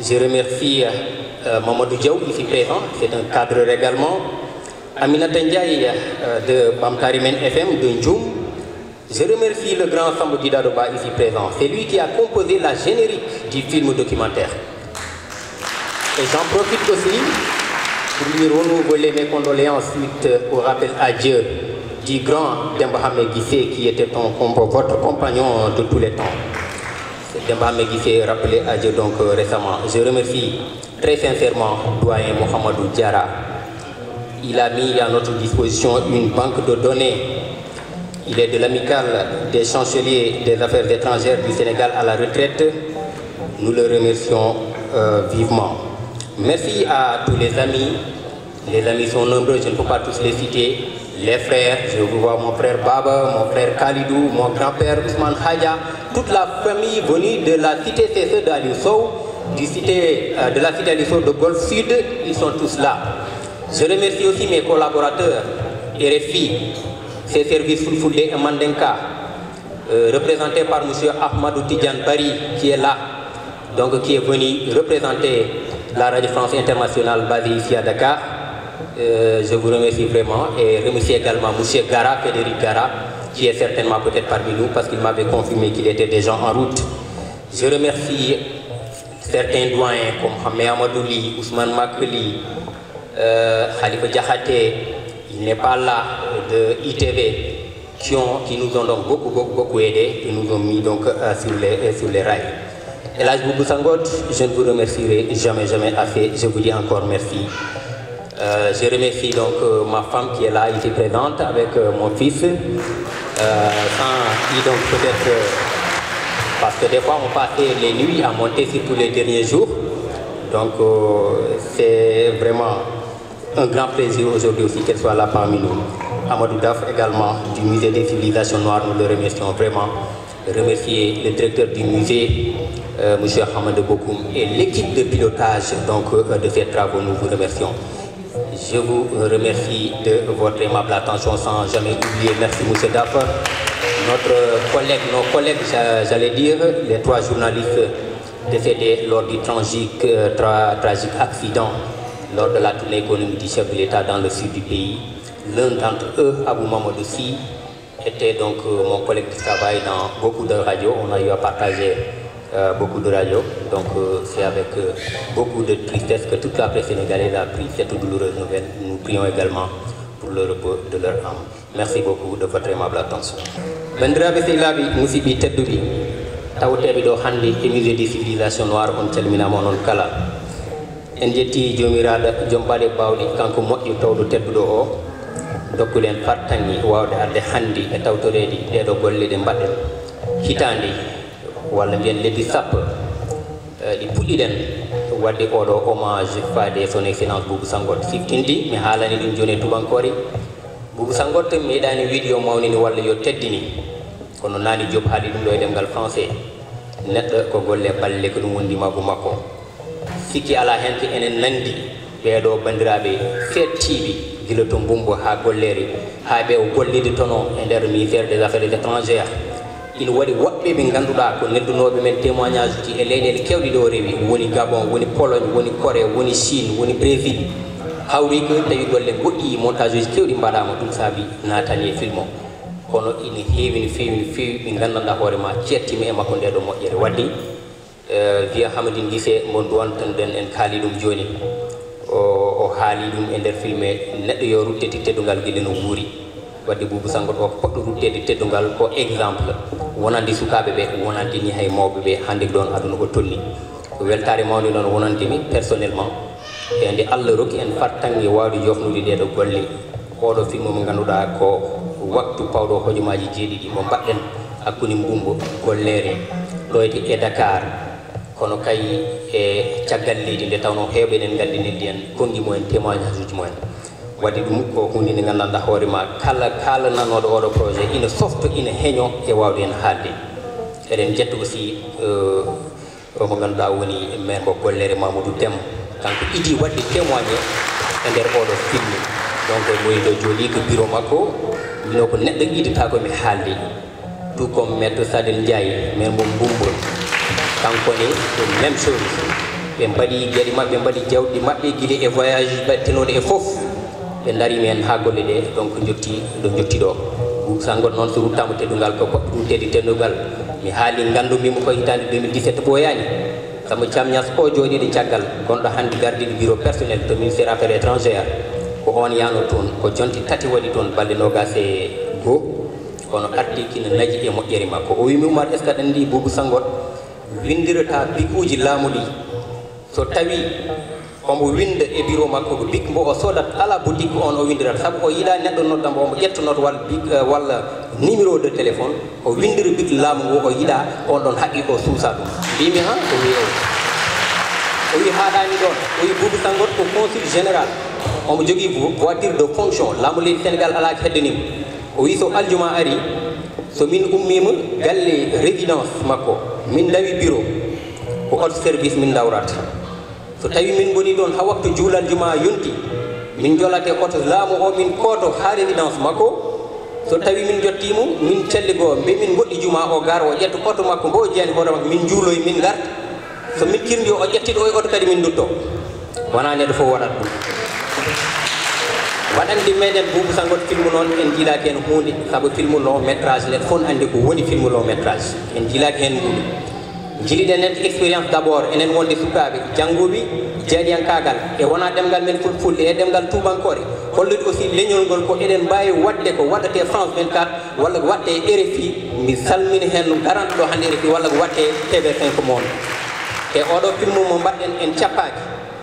[SPEAKER 6] Je remercie euh, euh, Mamadou Diaw, ici présent, c'est un cadre également. Aminata Ndiaye de BAMKARIMEN FM, de Je remercie le grand Sambo Didaroba, ici présent. C'est lui qui a composé la générique du film documentaire. Et j'en profite aussi pour lui renouveler mes condoléances suite au rappel à Dieu du grand Dembahame Guissé qui était votre compagnon de tous les temps. Dembahame Guissé rappelé à Dieu donc euh, récemment. Je remercie très sincèrement Doyen Mohamedou Diara. Il a mis à notre disposition une banque de données. Il est de l'amicale des chanceliers des affaires étrangères du Sénégal à la retraite. Nous le remercions euh, vivement. Merci à tous les amis. Les amis sont nombreux, je ne peux pas tous les citer. Les frères, je vous vois mon frère Baba, mon frère Khalidou, mon grand-père Ousmane Khadja, toute la famille venue de la cité CC d'Aliusso, euh, de la cité Aliusou de Golfe Sud, ils sont tous là. Je remercie aussi mes collaborateurs, RFI, ces services Fulfulde et Mandenka, euh, représentés par M. Ahmadou Tidjan Bari, qui est là, donc qui est venu représenter la Radio France Internationale basée ici à Dakar. Euh, je vous remercie vraiment et remercie également M. Gara, Frédéric Gara, qui est certainement peut-être parmi nous parce qu'il m'avait confirmé qu'il était déjà en route. Je remercie certains doyens comme Hamé Amadouli, Ousmane Makeli, euh, Khalifa Djahate, il n'est pas là, de ITV, qui, nous ont donc beaucoup, beaucoup, beaucoup aidés et nous ont mis donc euh, sur, les, euh, sur les rails. Et là, je je ne vous remercierai jamais, jamais assez. Je vous dis encore merci. Euh, je remercie donc euh, ma femme qui est là, ici présente, avec euh, mon fils. qui donc peut-être... parce que des fois, on passait les nuits à monter, tous les derniers jours. Donc, c'est vraiment un grand plaisir aujourd'hui aussi qu'elle soit là parmi nous. Amadou Daf également, du Musée des civilisations noires, nous le remercions vraiment remercier le directeur du musée, euh, M. Ahmed Bokoum, et l'équipe de pilotage donc, euh, de ces travaux. Nous vous remercions. Je vous remercie de votre aimable attention sans jamais oublier. Merci, M. Dapper. Notre collègue, nos collègues, j'allais dire, les trois journalistes décédés lors du euh, tragique, accident lors de la tournée économique du chef de l'État dans le sud du pays. L'un d'entre eux, Abou Mamadou était donc euh, mon collègue de travail dans beaucoup de radios. On a eu à partager euh, beaucoup de radios. Donc euh, c'est avec beaucoup de tristesse que toute la presse sénégalaise a pris cette douloureuse nouvelle. Nous prions également pour le repos de leur âme. Merci beaucoup de votre aimable attention. Je vous remercie. tedduɓe vous ɗo hannde des musée de civilisation noir on kala en dokkulen fartangi wawde arde hanndi e tawtoreedi ɗeɗo golle ɗe mbaɗen hitaandi walla mbiyen leddi sappo eh, ɗi puɗɗiɗen wadde oɗo hommage faade son excellence boubou sangot siftindi mi haalani ɗum jooni e tubankore boubou sangot meeɗani wiidio mawnini walla yo teddini kono naani joob haali ɗum ɗo e ɗemngal français neɗɗo ko golle balle ko ɗum wondimabou makko sikki ala hen ko enen nandi ɓeɗo bandiraɓe
[SPEAKER 1] fettiɓi
[SPEAKER 6] gila toon bumbo haa golleeri haa ɓe gollide tono e ndeer ministére des affaires étrangére ina waɗi woɓɓe ɓe ngannduɗaa ko neddunooɓe men témoignage ji e leyɗeele keewɗi ɗo rewi woni gabon woni pologne woni corée woni chine woni brésil hawri ko tawi golle goɗɗii montage uji keewɗi mbaɗaama ɗum saabi naatani e film o kono ina heewi no feewi no feewi ɓe nganndanɗaa hoore ma ceettima e makko ndee ɗo moƴƴere wadde eh, wiya hamadin gise mbo duwantanɗen en kaali ɗum jooni haali ɗum e nder filme neɗɗo yo ruttete teddungal gile no wuuri wadde boubou sango ɗo poɗɗo ruttede teddungal ko exemple wonandi sukaɓe ɓe wonandi ni hay mawɓe ɓe hande ɗon aduna ko tonni weltare mawde noon wonandimi personnellement ede allah rokki en fartangge wawde jofnude ɗeɗo golle oɗo filme mo ganduɗa ko waktu pawɗo hojomaji jeeɗiɗi mo mbaɗɗen hakkude mbumbo gollere ɗoyde e dakar kono kay e caggal leydi nde tawno heewɓe enen nganndini ndiyan konngi mumen témoignage uji mumen wadde ɗum ko hunde nde nganndanɗa hoore ma kala kaalananooɗo oɗo projet ina softo ina heño e waawde hen haalde eɗen jetta aussi euh, omo ngannduɗa woni maire mo gollere mamadou dem kanko idi wadde témoigné e ndeer oɗo filme donc e moyi ɗo jooɗi ko bureau makko mino ko neɗɗo iditako mi haalde tout comme maître sadel ndiaye maire mo mbumbol kanko ne ɗum même chose ɓe mbaɗi geɗe maɓɓe mbaɗi jawɗi maɓɓe guiɗe e voyage battinoɗe e foof ɓe darimi hen ha golle ɗe donc jotti ɗo jotti ɗo sangol noon so ruttama teddungal ko ruttede teddugal mi haali gandumimo ko hitande 2017 ɓoyani saabu camñas o jooɗiɗe caggal gonɗo hannde gardiɗo bureau personnel to ministére affaire étrangére ko on yano toon ko jonte tati waɗi toon balɗe nogas e kono arti kina naji e moƴƴere makko o wimi umar est ce que aɗa andi boubou sangol windirata bikuji laamu ɗi so tawi omo winda e bureau makko ko bik mbo o soodat ala boutique on o windirata saabu o yiiɗa neɗɗo noddambo omo ƴettonoto wal bi eh, walla numéro de téléphone o windira bik laamu ngo o yiiɗa on ɗon haqqi ko suusa ɗum mbimi ha o wi o wi haaɗani ɗon o wi boubi sangot ko consul général omo jogui voiture de fonction laamu leydi sénégal ala heddanima o wi so aljuma ari so min ummima galle résidence makko min dawi bureau ko hot service min dawrata so tawi min boni ɗon ha waktu juulal juma yonti min jolate oto laamu o min kooto ha résidence makko so tawi min jottimo min celligo mbi min goɗɗi juma o gar o ƴetta oto makko mbo jeeni hoore makko min juuloy min garta so min kirdi o ƴettiɗo o e oto kadi min dutto wona neɗɗo fof waɗat ɗum waɗande meɗen boubou sangot filme noon en jiilaki hen hunde saabu filme long métrage nden foof ande ko woni filme long métrage en jiilaki hen hunde jiiɗiɗen hen expérience d' abord enen wonde sukaɓe janggoɓe jeeɗiyankagal e wona ɗemgal men fulfulde e ɗemgal tubankore hollude aussi leñol ngol ko eɗen mbawi wadde ko waɗate france 24 walla ko waɗte rfi mi salmini hen garanɗo ɗo hande rfi walla ko waɗte tv 5 moon e oɗo filme mo mbaɗɗen en cappaki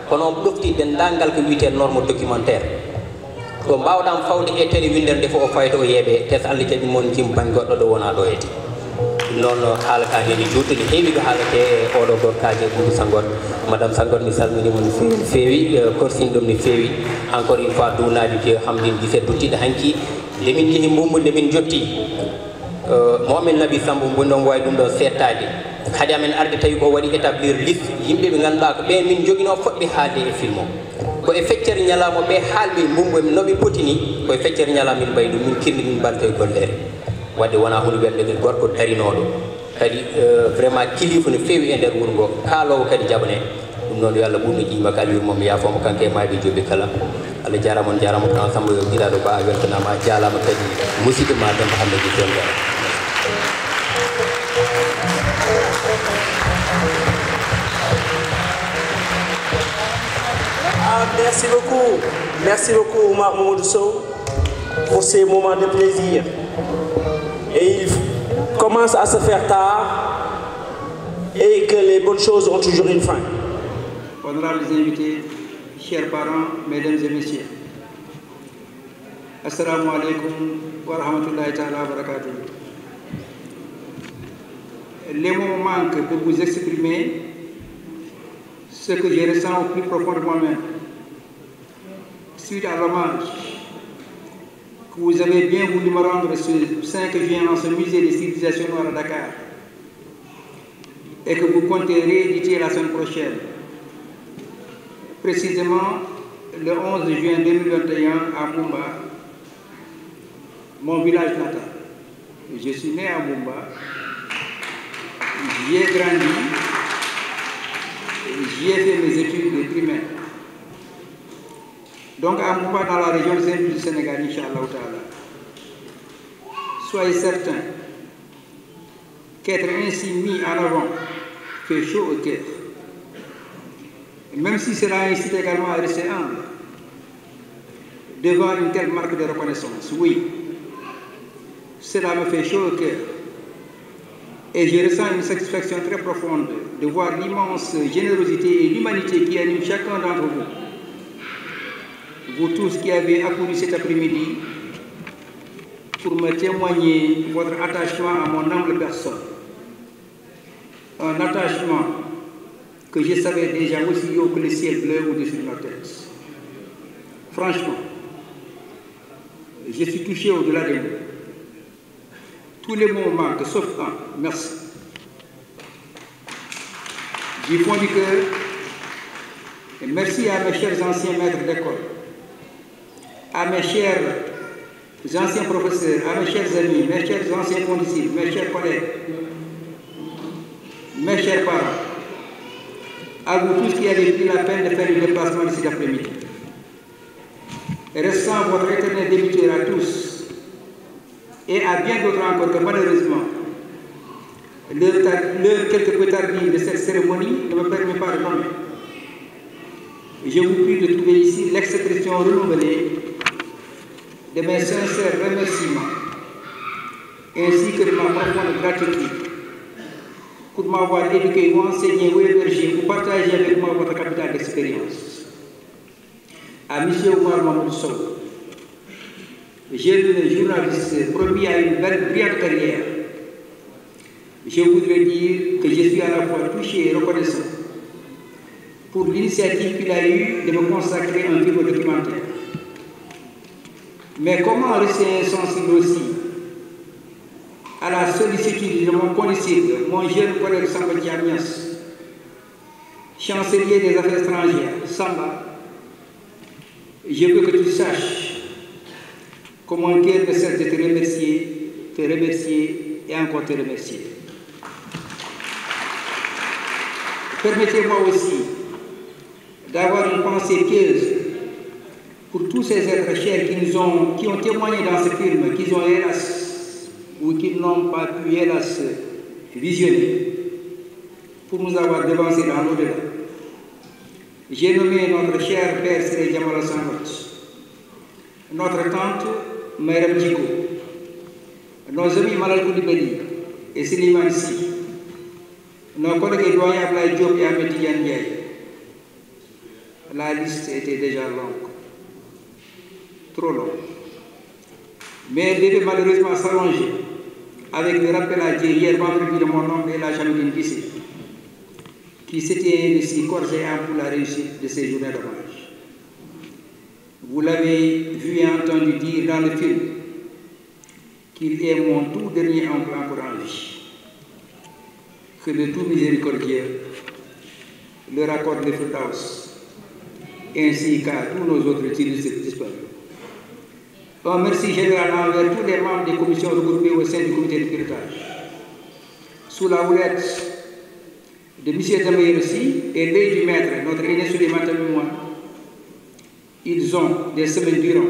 [SPEAKER 6] kono ɗoftiɗ dendangal ko wiyete norme documentaire ko mbawɗam fawde ƴettere winderde fof o fayto o yeeɓe te so allah jaɓi moon jim bañ goɗɗo ɗo wona ɗo edi ɗum noon haala ka heni juutɗo ne heewi ɗo haalate e oɗo gorkaji ɗum sangor madame sangor mi salminima no fewi no fewi korsini ɗum no fewi encore une fois duwnaji je hamdin guise duttiɗo hanki nde min jehi mbumbu nde min jotti e, momin nabi sambo bonɗon wawi ɗum ɗo settade haade amen arde tawi ko waɗi établir liste yimɓe ɓe ganduɗa ko ɓen min joguino foɗɓe haalde e film o ko e feccere ñalaama ɓe haalɓe mbumbo e no ɓe poti ni koye feccere ñalaa min mbayi ɗum min kirni min mbalta e golleere wadde wonaa hunde wiyat ɓeɗen gorko darinooɗo kadi euh, vraiment kilifa no feewi e ndeer wuro ngo kaaloowo kadi jaɓanee ɗum noon yo allah ɓurno ƴiima ka wirmoom yaafoomo kanke e maaɓe jooɓi kala allah jaaraama on jaaraama kan sambo yo giɗaaɗo ko a weltanaama jaalaama kadi musidɗo ma dembo hamdeji jonngara
[SPEAKER 1] Ah, merci beaucoup. Merci beaucoup, Omar Momodoso, pour ces moments de plaisir. Et il
[SPEAKER 5] commence à se faire tard et que les bonnes choses ont toujours une fin. Honorables invités, chers parents, mesdames et messieurs, Assalamu alaikum wa rahmatullahi wa barakatuh. Les mots manquent pour vous exprimer ce que je ressens au plus profond de moi-même suite à l'hommage que vous avez bien voulu me rendre ce 5 juin dans ce musée des civilisations noires à Dakar et que vous comptez rééditer la semaine prochaine, précisément le 11 juin 2021 à Mumba, mon village natal. Je suis né à Mumba, j'y ai grandi, j'y ai fait mes études de primaire. Donc à Moupa dans la région du Sénégal, Inch'Allah Soyez certains qu'être ainsi mis en avant fait chaud au cœur. Même si cela incite également à rester humble devant une telle marque de reconnaissance, oui, cela me fait chaud au cœur. Et je ressens une satisfaction très profonde de voir l'immense générosité et l'humanité qui anime chacun d'entre vous vous tous qui avez accouru cet après-midi pour me témoigner votre attachement à mon humble personne. Un attachement que je savais déjà aussi haut que le ciel bleu au-dessus de ma tête. Franchement, je suis touché au-delà des mots. Tous les mots manquent, sauf un. Merci. J'ai fond du cœur merci à mes chers anciens maîtres d'école à mes chers anciens professeurs, à mes chers amis, mes chers anciens condisciples, mes chers collègues, mes chers parents, à vous tous qui avez pris la peine de faire le déplacement de cet après-midi. Ressens votre éternelle débiteur à tous et à bien d'autres encore que malheureusement, le quelque peu tardive de cette cérémonie ne me permet pas de nommer. Je vous prie de trouver ici l'expression renouvelée de mes sincères remerciements ainsi que de ma profonde gratitude pour m'avoir éduqué ou enseigné ou hébergé ou partagé avec moi votre capital d'expérience. À M. Omar Mamousson, jeune journaliste promis à une belle, brillante carrière, je voudrais dire que je suis à la fois touché et reconnaissant pour l'initiative qu'il a eue de me consacrer un livre documentaire mais comment rester insensible aussi à la sollicitude de mon condisciple, mon jeune collègue Samba Diagnos, chancelier des affaires étrangères, Samba, je veux que tu saches comment cœur me cesse de te remercier, te remercier et encore te remercier. Permettez-moi aussi d'avoir une pensée pieuse pour tous ces êtres chers qui, nous ont, qui ont témoigné dans ce film, qu'ils ont hélas, ou qu'ils n'ont pas pu hélas visionner, pour nous avoir devancés dans l'au-delà. J'ai nommé notre cher père Séré Jamala notre tante Mme Djiko, nos amis Malal Koudibeli et Siliman Si, nos collègues doyens Ablaï Diop et Ahmed Yandiaï. La liste était déjà longue trop long. Mais elle devait malheureusement s'allonger avec le rappel à Dieu hier vendredi de mon homme et la Jamine qui s'était ainsi en pour la réussite de ces journées d'hommage. Vous l'avez vu et entendu dire dans le film qu'il est mon tout dernier emploi pour enrichir Que de tout miséricordieux le raccorde de Futaus, ainsi qu'à tous nos autres de disparus un merci général envers tous les membres des commissions regroupées au sein du comité de pilotage. Sous e la houlette de M. Damayer aussi et l'aide du maître, notre aîné Suleiman moi, ils ont, des semaines durant,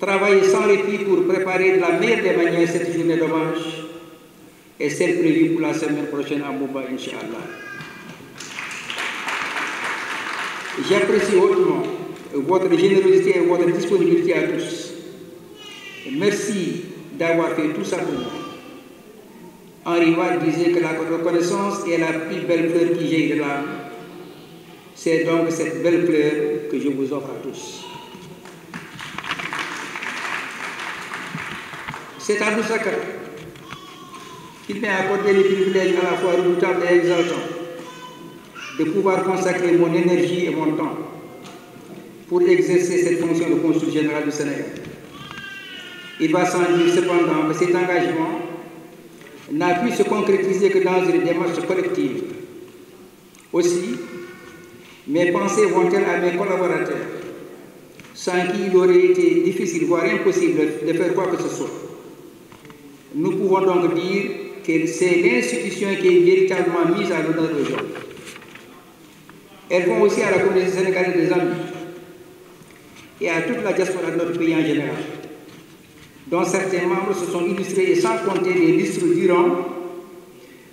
[SPEAKER 5] travaillé sans répit pour préparer de la meilleure des manières cette journée d'hommage et celle prévue pour la semaine prochaine à Mouba, Inch'Allah. J'apprécie hautement votre générosité et votre disponibilité à tous. Merci d'avoir fait tout ça pour moi. Henri Watt disait que la reconnaissance est la plus belle fleur qui jaillit de l'âme. C'est donc cette belle fleur que je vous offre à tous. C'est à ça qu'il m'a apporté le privilège à la fois redoutable et exaltant de pouvoir consacrer mon énergie et mon temps pour exercer cette fonction de consul général du Sénégal. Il va sans dire cependant que cet engagement n'a pu se concrétiser que dans une démarche collective. Aussi, mes pensées vont-elles à mes collaborateurs, sans qui il aurait été difficile, voire impossible, de faire quoi que ce soit. Nous pouvons donc dire que c'est l'institution qui est véritablement mise à l'honneur gens. Elles vont aussi à la communauté sénégalaise des amis et à toute la diaspora de notre pays en général, dont certains membres se sont illustrés et sans compter les listes durant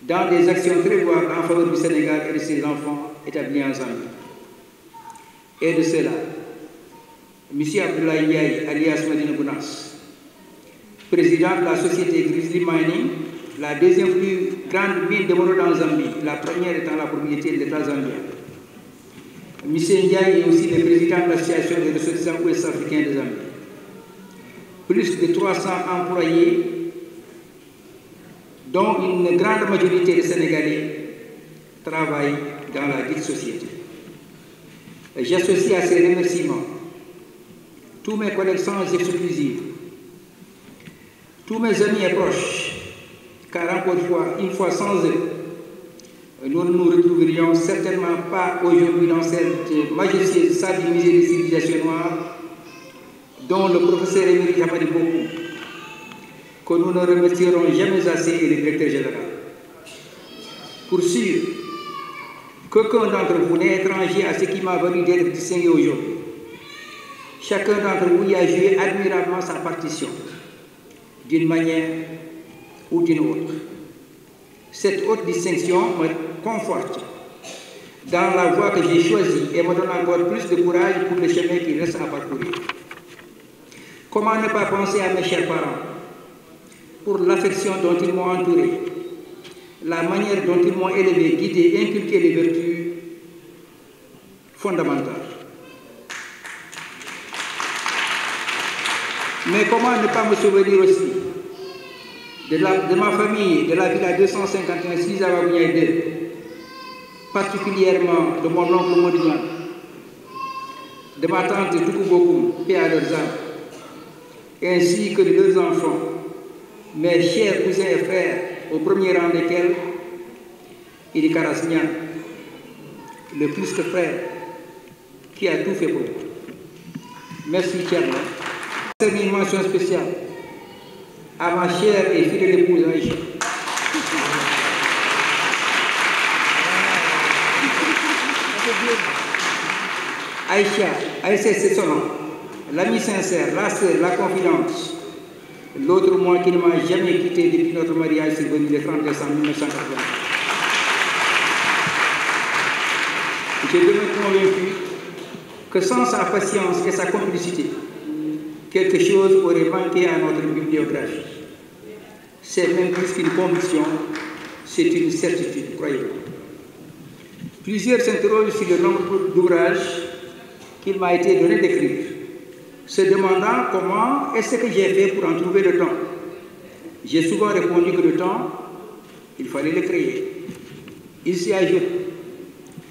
[SPEAKER 5] dans des actions très en faveur du Sénégal et de ses enfants établis en Zambie. Et de cela, M. Abdoulaye Yaye, alias Madine président de la société Grizzly Mining, la deuxième plus grande ville de Moro dans Zambie, la première étant la propriété de l'État zambien M. Ndiaye est aussi le président de l'association des ressortissants ouest-africains des Amériques. Plus de 300 employés, dont une grande majorité de Sénégalais, travaillent dans la de société. J'associe à ces remerciements tous mes collègues sans exclusives, tous mes amis et proches, car encore une fois, une fois sans eux, nous ne nous retrouverions certainement pas aujourd'hui dans cette majestueuse salle du musée des civilisations noires dont le professeur Émile Jamadé beaucoup, que nous ne remercierons jamais assez et le directeur général. Pour sûr, qu'aucun d'entre vous n'est étranger à ce qui m'a venu d'être distingué aujourd'hui. Chacun d'entre vous y a joué admirablement sa partition, d'une manière ou d'une autre. Cette haute distinction me conforte dans la voie que j'ai choisie et me donne encore plus de courage pour le chemin qui reste à parcourir. Comment ne pas penser à mes chers parents pour l'affection dont ils m'ont entouré, la manière dont ils m'ont élevé, guidé, inculqué les vertus fondamentales. Mais comment ne pas me souvenir aussi de, ma famille, de la villa 251 6 à 2, particulièrement de mon oncle Modignan, de ma tante Toukou Père Péa leurs ainsi que de deux enfants, mes chers cousins et frères, au premier rang desquels il est le plus que frère, qui a tout fait pour moi. Merci, Tcherno. C'est une mention spéciale à ma chère et fidèle épouse hein, Aïcha. Aïcha, Aïcha c'est son nom, l'ami sincère, la sœur, la confidente, l'autre moi qui ne m'a jamais quitté depuis notre mariage, c'est venu le 30 décembre 1980. J'ai mon convaincu que sans sa patience et sa complicité, Quelque chose aurait manqué à notre bibliographie. C'est même plus qu'une conviction, c'est une certitude, croyez-moi. Plusieurs s'interrogent sur le nombre d'ouvrages qu'il m'a été donné d'écrire, se demandant comment est-ce que j'ai fait pour en trouver le temps. J'ai souvent répondu que le temps, il fallait le créer. Il s'y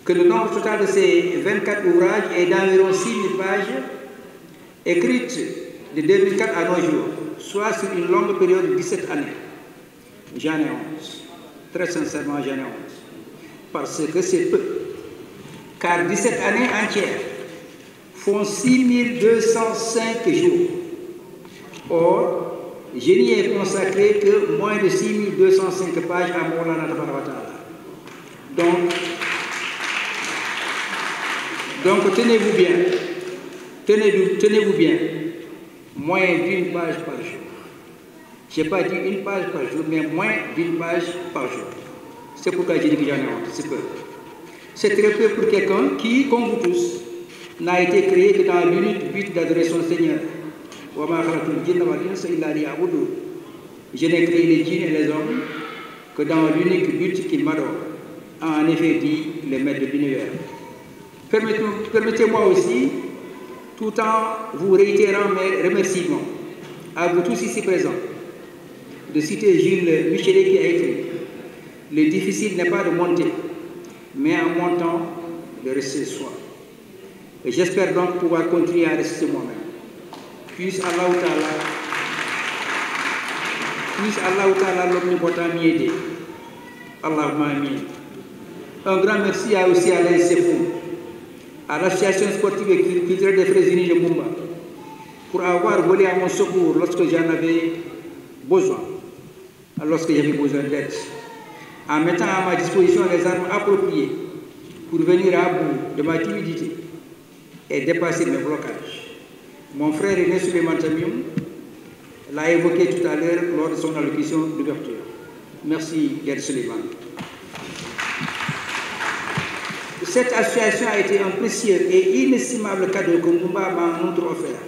[SPEAKER 5] que le nombre total de ces 24 ouvrages est d'environ 6000 pages écrites de 2004 à nos jours, soit sur une longue période de 17 années. J'en ai honte. Très sincèrement, j'en ai honte. Parce que c'est peu. Car 17 années entières font 6205 jours. Or, je n'y ai consacré que moins de 6205 pages à Moulana de Donc, donc tenez-vous bien. Tenez-vous tenez bien moins d'une page par jour. Je n'ai pas dit une page par jour, mais moins d'une page par jour. C'est pourquoi je dis que j'en ai honte, c'est peu. C'est très peu pour quelqu'un qui, comme vous tous, n'a été créé que dans l'unique but d'adorer son Seigneur. Je n'ai créé les djinns et les hommes que dans l'unique but qu'ils m'adorent, a en effet dit le maître de l'univers. Permettez-moi aussi tout en vous réitérant mes remerciements à vous tous ici présents de citer Gilles Michelet qui a écrit Le difficile n'est pas de monter, mais en montant, de rester soi. J'espère donc pouvoir continuer à rester moi-même. Puisse Allah Ta'ala, puisse Allah Ta'ala l'omnipotent m'y aider. m'a Un grand merci à aussi à à l'association sportive et culturelle des Frésini de Mumba pour avoir volé à mon secours lorsque j'en avais besoin, lorsque j'avais besoin d'aide, en mettant à ma disposition les armes appropriées pour venir à bout de ma timidité et dépasser mes blocages. Mon frère René Suleiman l'a évoqué tout à l'heure lors de son allocution d'ouverture. Merci, Gert Suleiman. Cette association a été un précieux et inestimable cadeau que Mumba m'a montré offert.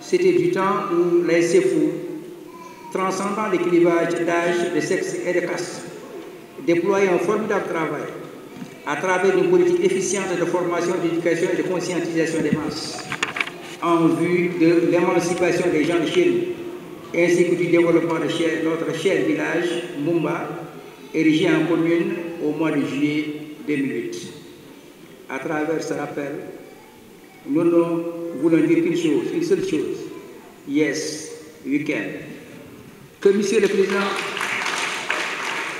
[SPEAKER 5] C'était du temps où les CFO, transcendant les clivages d'âge, de sexe et de caste, déployaient un formidable travail à travers une politique efficiente de formation, d'éducation et de conscientisation des masses en vue de l'émancipation des gens de chez nous, ainsi que du développement de notre cher village, Mumba, érigé en commune au mois de juillet 2008 à travers ce rappel, nous ne voulons dire qu'une chose, une seule chose. Yes, we can. Que Monsieur le Président,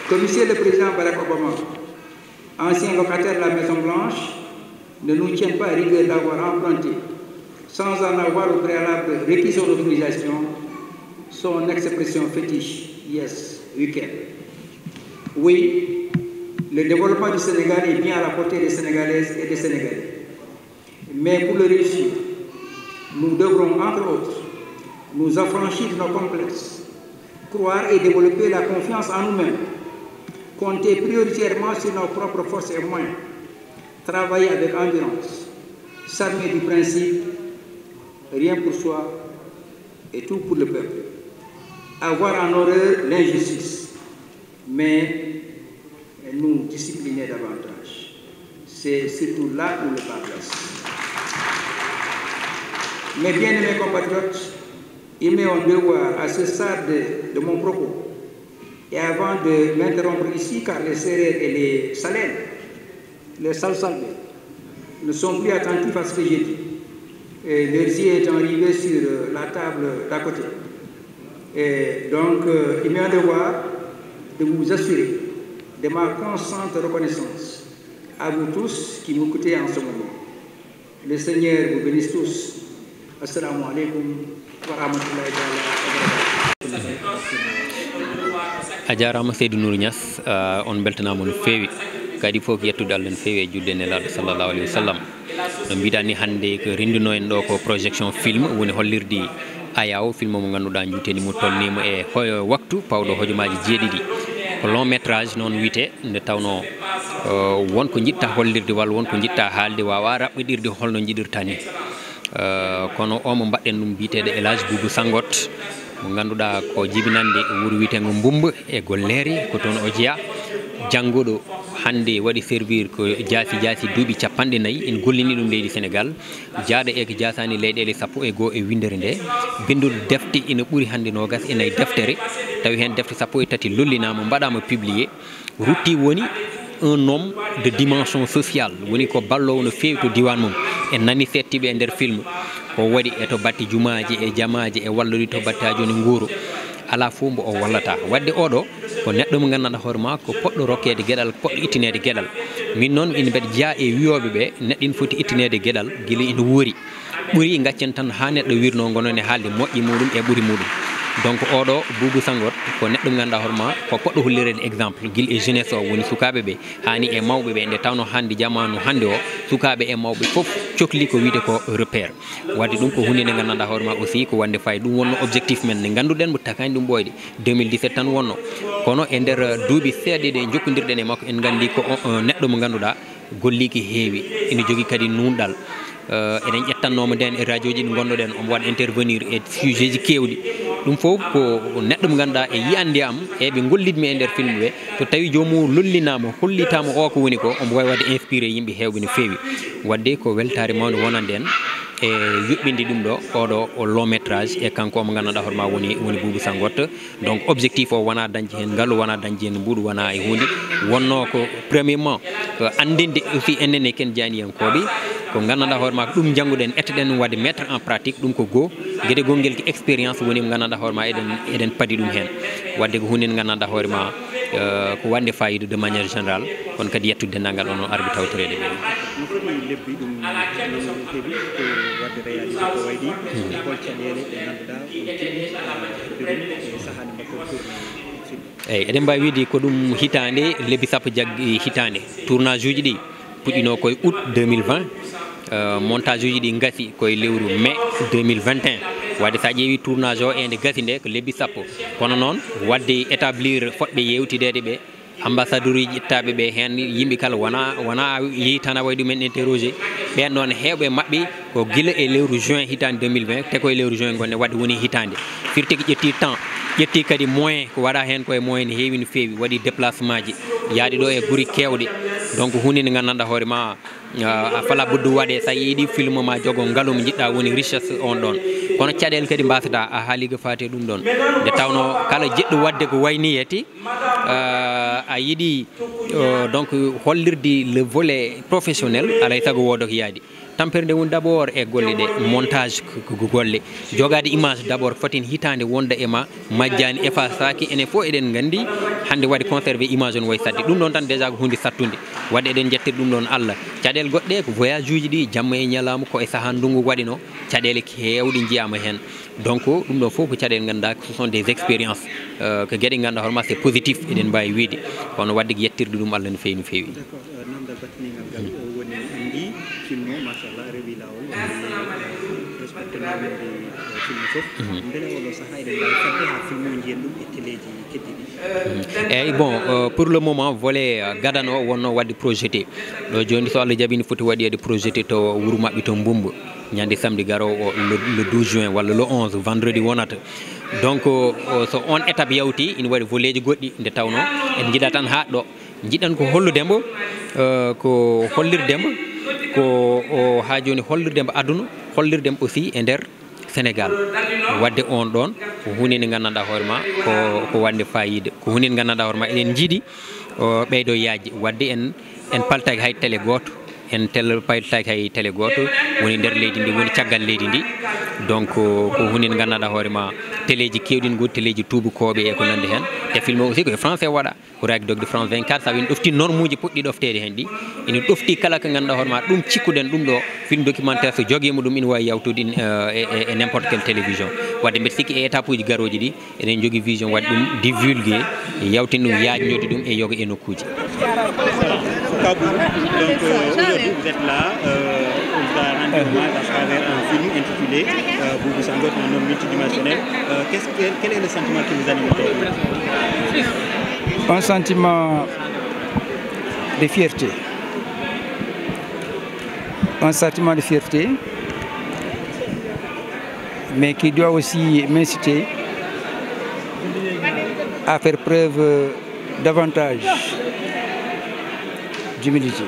[SPEAKER 5] que le Président Barack Obama, ancien locataire de la Maison Blanche, ne nous tienne pas à rigueur d'avoir emprunté, sans en avoir au préalable requis son autorisation, son expression fétiche, yes, we can. Oui, le développement du Sénégal est bien à la portée des Sénégalaises et des Sénégalais. Mais pour le réussir, nous devrons, entre autres, nous affranchir de nos complexes, croire et développer la confiance en nous-mêmes, compter prioritairement sur nos propres forces et moyens, travailler avec endurance, s'armer du principe rien pour soi et tout pour le peuple, avoir en horreur l'injustice, mais nous discipliner davantage. C'est surtout là où le parlons. Mes bien-aimés compatriotes, il m'est un devoir à ce stade de, mon propos. Et avant de m'interrompre ici, car les serrés et les salaires, les salsalbés, ne sont plus attentifs à ce que j'ai dit. Et leurs yeux étant arrivés sur la table d'à côté. Et donc, euh, il m'est un devoir de vous assurer de ma constante reconnaissance à vous tous qui m'écoutez en ce moment. Le Seigneur vous bénisse tous. Assalamu alaikum wa rahmatullahi
[SPEAKER 6] wa seydou nour nias euh, on beltana no fewi kadi fof yettude allah no fewi e judde nelaɗo sallllahu alayhi wa no ni ko en do ko projection film woni hollirdi ayaw film mo ganduɗa juteni mo mo e hoyo waktu pawdo hojumaaji jeeɗiɗi ko long métrage noon wiyete nde tawno euh, wonko jiɗta hollirde walla wonko jiɗta haalde wawa raɓɓiɗirde holno jiɗirta ni euh, kono omo mbaɗen ɗum mbiteɗo élage boubou sangot mo ganduɗa ko jibinande wuuro wiyetengo mbumba e, e golleri ko toon o jeeya janggoɗo hannde waɗi servire ko jaasi jaasi duuɓi capanɗe nayyi en gollini ɗum leydi sénégal jaaɗo e ko jaasani leyɗele sappo e goho e windere nde bindude defte ina ɓuri hannde nogas enayi deftere tawi heen defte sappo e tati lollinama mbaɗama publié rutti woni un homme de dimension sociale woni ko ballowo no fewi to diwan mum en nani settiɓe e nder film o waɗi eto batte jumaji e jamaji e walloɗi to batte ajoni guuro ala fo mbo o wallata wadde oɗo ko neɗɗo mo gandanɗa hoore ma ko poɗɗo rokkede gueɗal poɗɗo ittinede gueɗal min noon ina mbaɗa jeeya e wiyoɓeɓe neɗɗo ina foti ittinede gueɗal guila ina wuuri ɓuuri gaccen tan ha neɗɗo wirno gonon e haalde moƴƴi muɗum e ɓuuri muɗum donc oɗo buubu sangot ko neɗɗo ganduɗa hoorema ko poɗɗo hollirede exemple guil e jeunesse o woni sukaɓeɓe hani e mawɓeɓe nde tawno hande jamanu hande o sukaɓe e mawɓe foof cohli ko wiide ko repaire wadde ɗum ko hunde nde ganduɗa hoorema aussi ko wande fay ɗum wonno objectif men nde ganduɗen mo takani ɗum ɓoyde 2017 tan wonno kono e nder duuɓi seeɗe ɗe e jokkodirɗen e makko en gandi ko neɗɗo mo ganduɗa golliki heewi ene jogui kadi nunɗal eɗen eh, ƴettannoma nden e radio ji ɗi gonnoɗen omo waɗa intervenir e sujet ji kewɗi ɗum fof ko neɗɗo mo ganduɗa e yiyandi am eɓe gollidmi e nder filme ɓe to tawi jomum lollinama hollitama o ko woni ko omo wawi wadde inspiré yimɓe hewɓe no fewi wadde ko weltare mawde wonande en e yuɓɓindi ɗum ɗo oɗo o long métrage e kanko omo ganduɗa hoorema woni woni boubou sangotta donc objectif o wona dañde hen ngaalu wona dañde hen mbuɗu wona e hunde wonno ko premièrement eh, andinde aussi enen e ken janiyankoɓe ko gandanɗa hoore ma ɗum jannguɗen etteɗen ɗum wadde mettre en pratique ɗum ko goho gueɗe gonguel ko expérience woni mo gandanɗa hoore ma eɗen eɗen paadi ɗum hen wadde ko hunde nde gandanɗa hoore ma eh, ko wande fayida de maniére générale kono kadi yettude dendagal onon arbi tawtorede ɓe eyyi eɗen mbawi wiide ko ɗum hitande lebbi sappo jaggi hitande tournage uji ɗi puɗɗino koye août 2020 Euh, montage uji ɗi gasi koye lewru mai 2021 wadde sa ƴeewi tournage o ende gasi nde ko lebbi sappo kono noon wadde établir foɗɓe yewtidede ɓe ambassadeur uji ƴettaɓe ɓe hen yimɓe kala wona wona yeehi tan a wayi ɗumen interrogé ɓen noon hewɓe mabɓe ko guila e lewru juin hitande 2020 te koye lewru juin gonde wadde woni hitande firti ko ƴetti temps ƴetti kadi moyen ko waɗa hen koye moyen ne heewi no fewi waɗi déplacement ji yaadi ɗo e guuri kewɗe donc hunde nde gandanɗa hoore ma a fala buddu waɗe sa yiiɗi film ma jogo ngaalum jiɗɗa woni richesse on ɗon kono caɗele kadi mbasata a haaliga faate ɗum ɗon nde tawno kala jeɗɗo wadde ko wayni yeti a yiiɗi donc hollirde le volet professionnel alay saago wodo ko yaadi tampere nde woni d' abord e golle ɗe montage golle jogade image d' abord fotin hitande wonda ema majjani effacetaki enen fof eɗen gandi hande waɗi conservé image on wayi sadde ɗum ɗon tan déjà ko hunde sattude waɗi eɗen jettir ɗum ɗon allah caɗele goɗɗe ko voyage uji ɗi jamma e ñalama ko e saaha ndungu waɗino caɗele hewɗi jiyama hen donc ɗum ɗon fof ko caɗele ganduɗa ce sont des expériences euh, ko gueɗe ganduɗa hoorema c'est positif eɗen mbawi wiide kono waddeko yettirde ɗum allah no fewi no fewi
[SPEAKER 7] fof mhm. mbele oɗo sahaaɗe mbawi fadde ha filmuji en ɗum e téléji keddiɗi mhm. eyyi bon
[SPEAKER 6] euh, pour le moment volet euh, gadan o wonno wadde projeté ɗo joni so allah jaɓini foti waɗiyede projeté to wuuro mabɓe to mbumba ñande samedi garowo euh, le 12 juin walla le 11 vendredi wonata donc so on étape yawti ina waɗi volet ji goɗɗi nde tawno en jiiɗa tan ha ɗo jiɗen ko holludembo ko hollirdembo ko ha joni hollirdembo aduna hollirdembo aussi e nder sénégal wadde on ɗon ko hunde nde gandanɗa hoore ma ko ko wande fayida ko hunde nde gandanɗa hoore ma eɗen jiiɗi ɓeydo yajji wadde en en paltaki hay télé goto en tel paytaki hay télé goto woni nder leydi ndi woni caggal leydi ndi donc ko hunde nde gandanɗa hoorema télé ji kewɗin goodi télé ji tubakoɓe e ko nandi hen te filme aussi koye français waɗa horaki dogde france 24 saabi ne ɗofti norme uji poɗɗi ɗoftede hen ɗi ene ɗofti kala ko ganduɗa hoorema ɗum cikkuɗen ɗum ɗo film documentaire so joguima ɗum ina wawi yawtude eh, e, e, e n' importe quel télévision wadde mbeɗa sikki e étape uji garoji ɗi eɗen jogui vision waɗi ɗum divulgué yawtin ɗum yajñode ɗum e yoga e nokkuji Ah, Donc euh,
[SPEAKER 1] aujourd'hui
[SPEAKER 10] vous êtes
[SPEAKER 6] là, euh, on vous a rendu euh. hommage à travers un film intitulé Vous vous sentez
[SPEAKER 10] un homme multidimensionnel. quel est le sentiment qui vous anime
[SPEAKER 5] Un sentiment de fierté. Un sentiment de fierté, mais qui doit aussi m'inciter à faire preuve davantage d'humilité.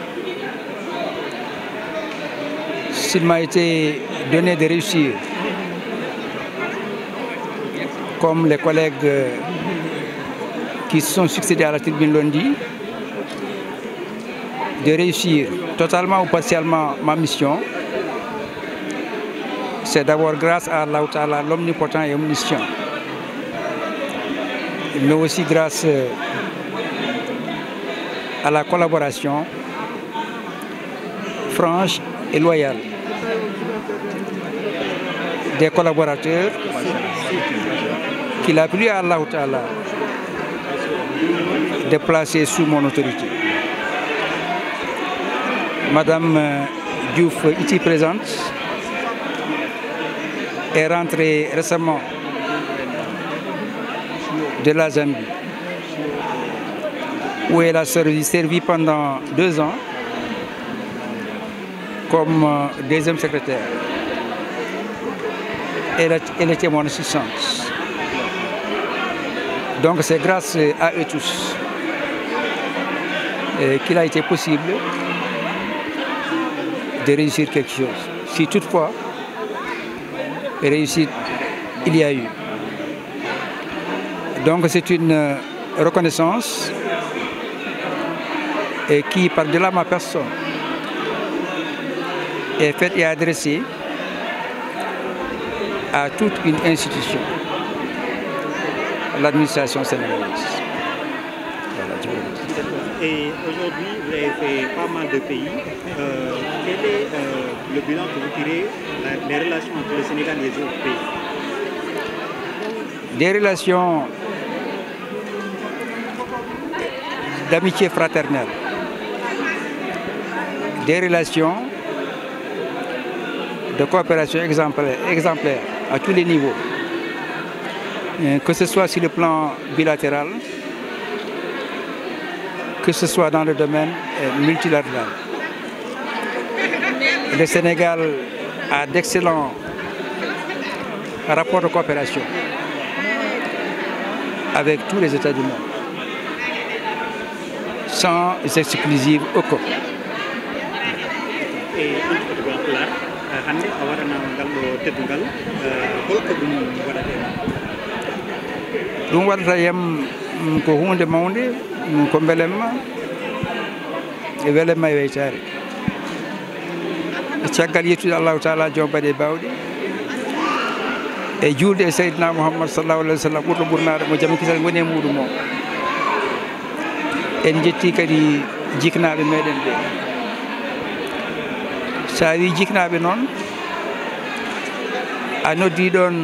[SPEAKER 5] S'il m'a été donné de réussir, comme les collègues qui sont succédés à la tribune lundi, de réussir totalement ou partiellement ma mission, c'est d'abord grâce à Allah, l'omnipotent et omniscient, mais aussi grâce à la collaboration franche et loyale des collaborateurs qu'il a plu à Allah Ta'ala de placer sous mon autorité. Madame euh, Diouf, ici présente, est rentrée récemment de la Zambie où elle a servi, pendant deux ans comme euh, deuxième secrétaire. Elle, elle était mon sens. Donc c'est grâce à eux tous euh, qu'il a été possible de réussir quelque chose. Si toutefois, réussite, il y a eu. Donc c'est une euh, reconnaissance et qui, par-delà ma personne, est faite et adressée à toute une institution, l'administration sénégalaise.
[SPEAKER 10] Et aujourd'hui, vous avez fait pas mal de pays. Euh, quel est euh, le bilan que vous tirez des relations entre le Sénégal et les autres pays
[SPEAKER 5] Des relations d'amitié fraternelle des relations de coopération exemplaires à tous les niveaux, que ce soit sur le plan bilatéral, que ce soit dans le domaine euh, multilatéral. Le Sénégal a d'excellents rapports de coopération avec tous les États du monde, sans exclusive aucune.
[SPEAKER 10] hannde a waɗanama ngal ɗo teddungal eh, holko ɗum waɗate
[SPEAKER 5] ɗum waɗata yam mm, ko hunde mawde mm, ko belemma e welemma e weytare e caggal yettude allahu taala jom baɗe bawɗe e, e julde e seydina mouhammad sallahu alah w sallam ɓurɗo ɓurnaɗo mo jaama kisal woni e muɗum o en jetti kadi jiknaɓe meɗen ɓe so a wi jiknaɓe noon a noddi ɗon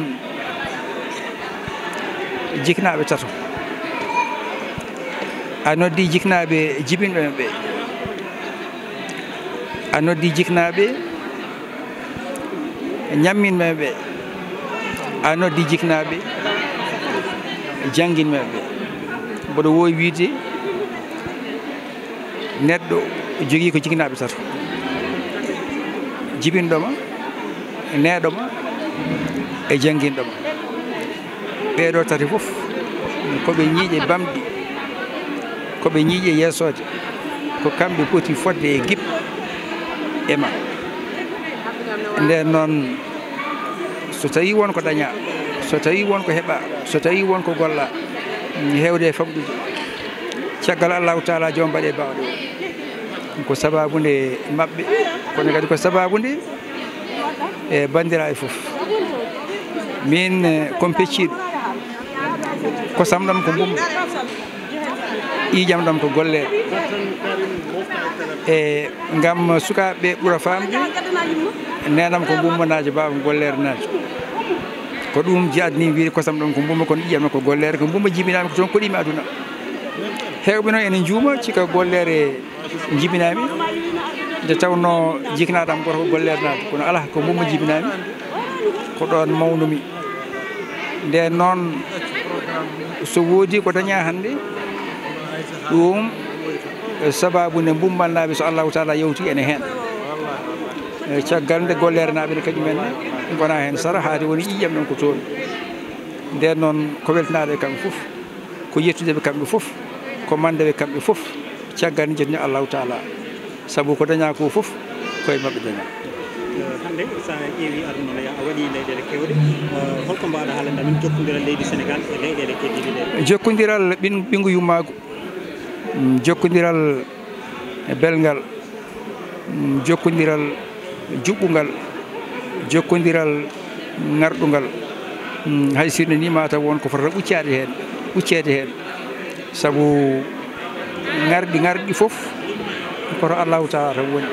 [SPEAKER 5] jiknaɓe tato a noddi jiknaɓe jibinɓe ɓe a noddi jiknaɓe ñamminɓe ɓe a noddi jiknaɓe janginmen ɓe mboɗo wowi wiide neɗɗo jogui ko jiknaɓe tato jibinɗoma neɗoma e jangguinɗoma ɓeɗo tati fof koɓe ñiiƴe bamɗi koɓe ñiiƴe yeesode ko kamɓe poti fodde e gib e ma nden noon so tawi wonko daña so tawi wonko heɓa so tawi wonko golla hewde e famɗude caggal allahu taala jom mbaɗe bawɗe o ko sababude maɓɓe kono kadi ko sababu nde e bandiraɓe fof min eh, kon pecciɗo kosam ɗam ko mbum
[SPEAKER 7] ƴiƴam ɗam ko golle
[SPEAKER 5] e gam sukaɓeɓe ɓuura famde nenam ko mbummanaji baba gollere naji ko ɗum jiyadni wiide kosam ɗam ko mbumma kono ƴiƴam ko gollere ko mbumma jibinami ko toon koɗimi aduna hewɓe noon ene juuma cika gollere jibinami nde tawno jiknaɗam goto gollernade kono ala ko mumo jibinami ko ɗon mawnumi nde noon so woodi ko daña hannde ɗum sababu nde bummannaɓe so allahu taala yewti ene heen e caggal nde gollernaɓe ne kañumen ne gona heen sara haade woni ƴiƴam ɗon ko toon nden noon ko weltanaɓe kamɓe fof ko yettudeɓe kamɓe fof ko mandeɓe kamɓe fof caggal ne jetni allahu taala saabu ko daña ko foof koye mabɓe daña
[SPEAKER 10] eh, hannde sa ƴeewi arunonoya a waɗi leyɗele kewɗe eh, holko mbaɗa haalanda min jokkodiral leydi sénégal e leyɗele kedii ɗe
[SPEAKER 5] jokkodiral ɓin ɓingu yummaago mm, jokkodiral belngal mm, jokkodiral juɓɓungal jokkodiral ngarɗungal mm, hay sinno ni mata won ko fota ɓuccade heen ɓuccede heen sabu ngarɗi ngarɗi fof koto allahu taala tan woni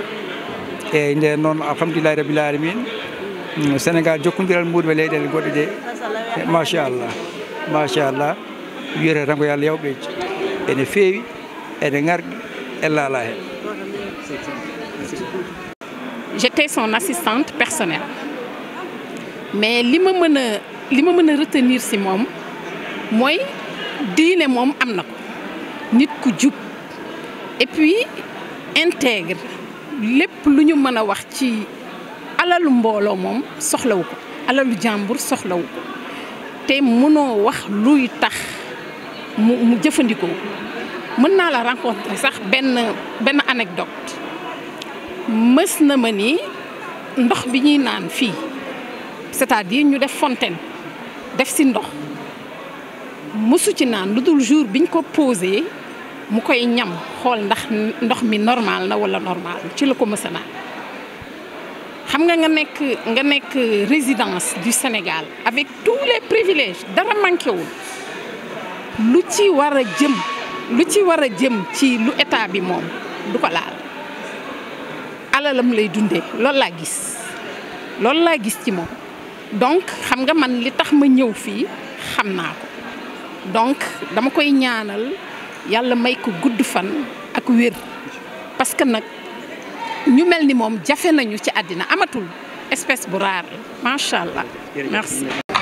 [SPEAKER 5] eyyi nden non alhamdulillahi rabbil alamin mm, sénégal jokkodiral muɗum e leyɗele goɗɗe ɗe e machallah ma sha e Allah ko yo allah yawɓeji ene feewi ene ngar e laala hen
[SPEAKER 3] j'étais son assistante personnelle mais lima meuna lima meuna retenir si mom moy diine mom amna ko nit ku djub et puis intègre lépp lu ñu mën a wax ci alalu mbooloo moom soxlawu ko alalu jàmbur soxlawu ko te mënoo wax luy tax mu mu jëfandikoo mën naa la rencontrer sax benn benn anecdote mës na ma ni ndox bi ñuy naan fii cest à ñu def fontaine def ci ndox mësu ci naan lu dul jour biñ ko posé mu koy ñam xool ndax ndox mi normal na wala normal ci la ko mës a xam nga nga nekk nga nekk résidence du Sénégal avec tous les privilèges dara manqué lu ci war a jëm lu ci war a jëm ci lu état bi moom du ko laal alalam lay dundee loolu laa gis loolu laa gis ci moom donc xam nga man li tax ma ñëw fii xam naa ko donc dama koy ñaanal yàlla may ko gudd fan ak wér parce que nag ñu mel ni moom jafe nañu ci àddina amatul espèce bu rare la macha allah merci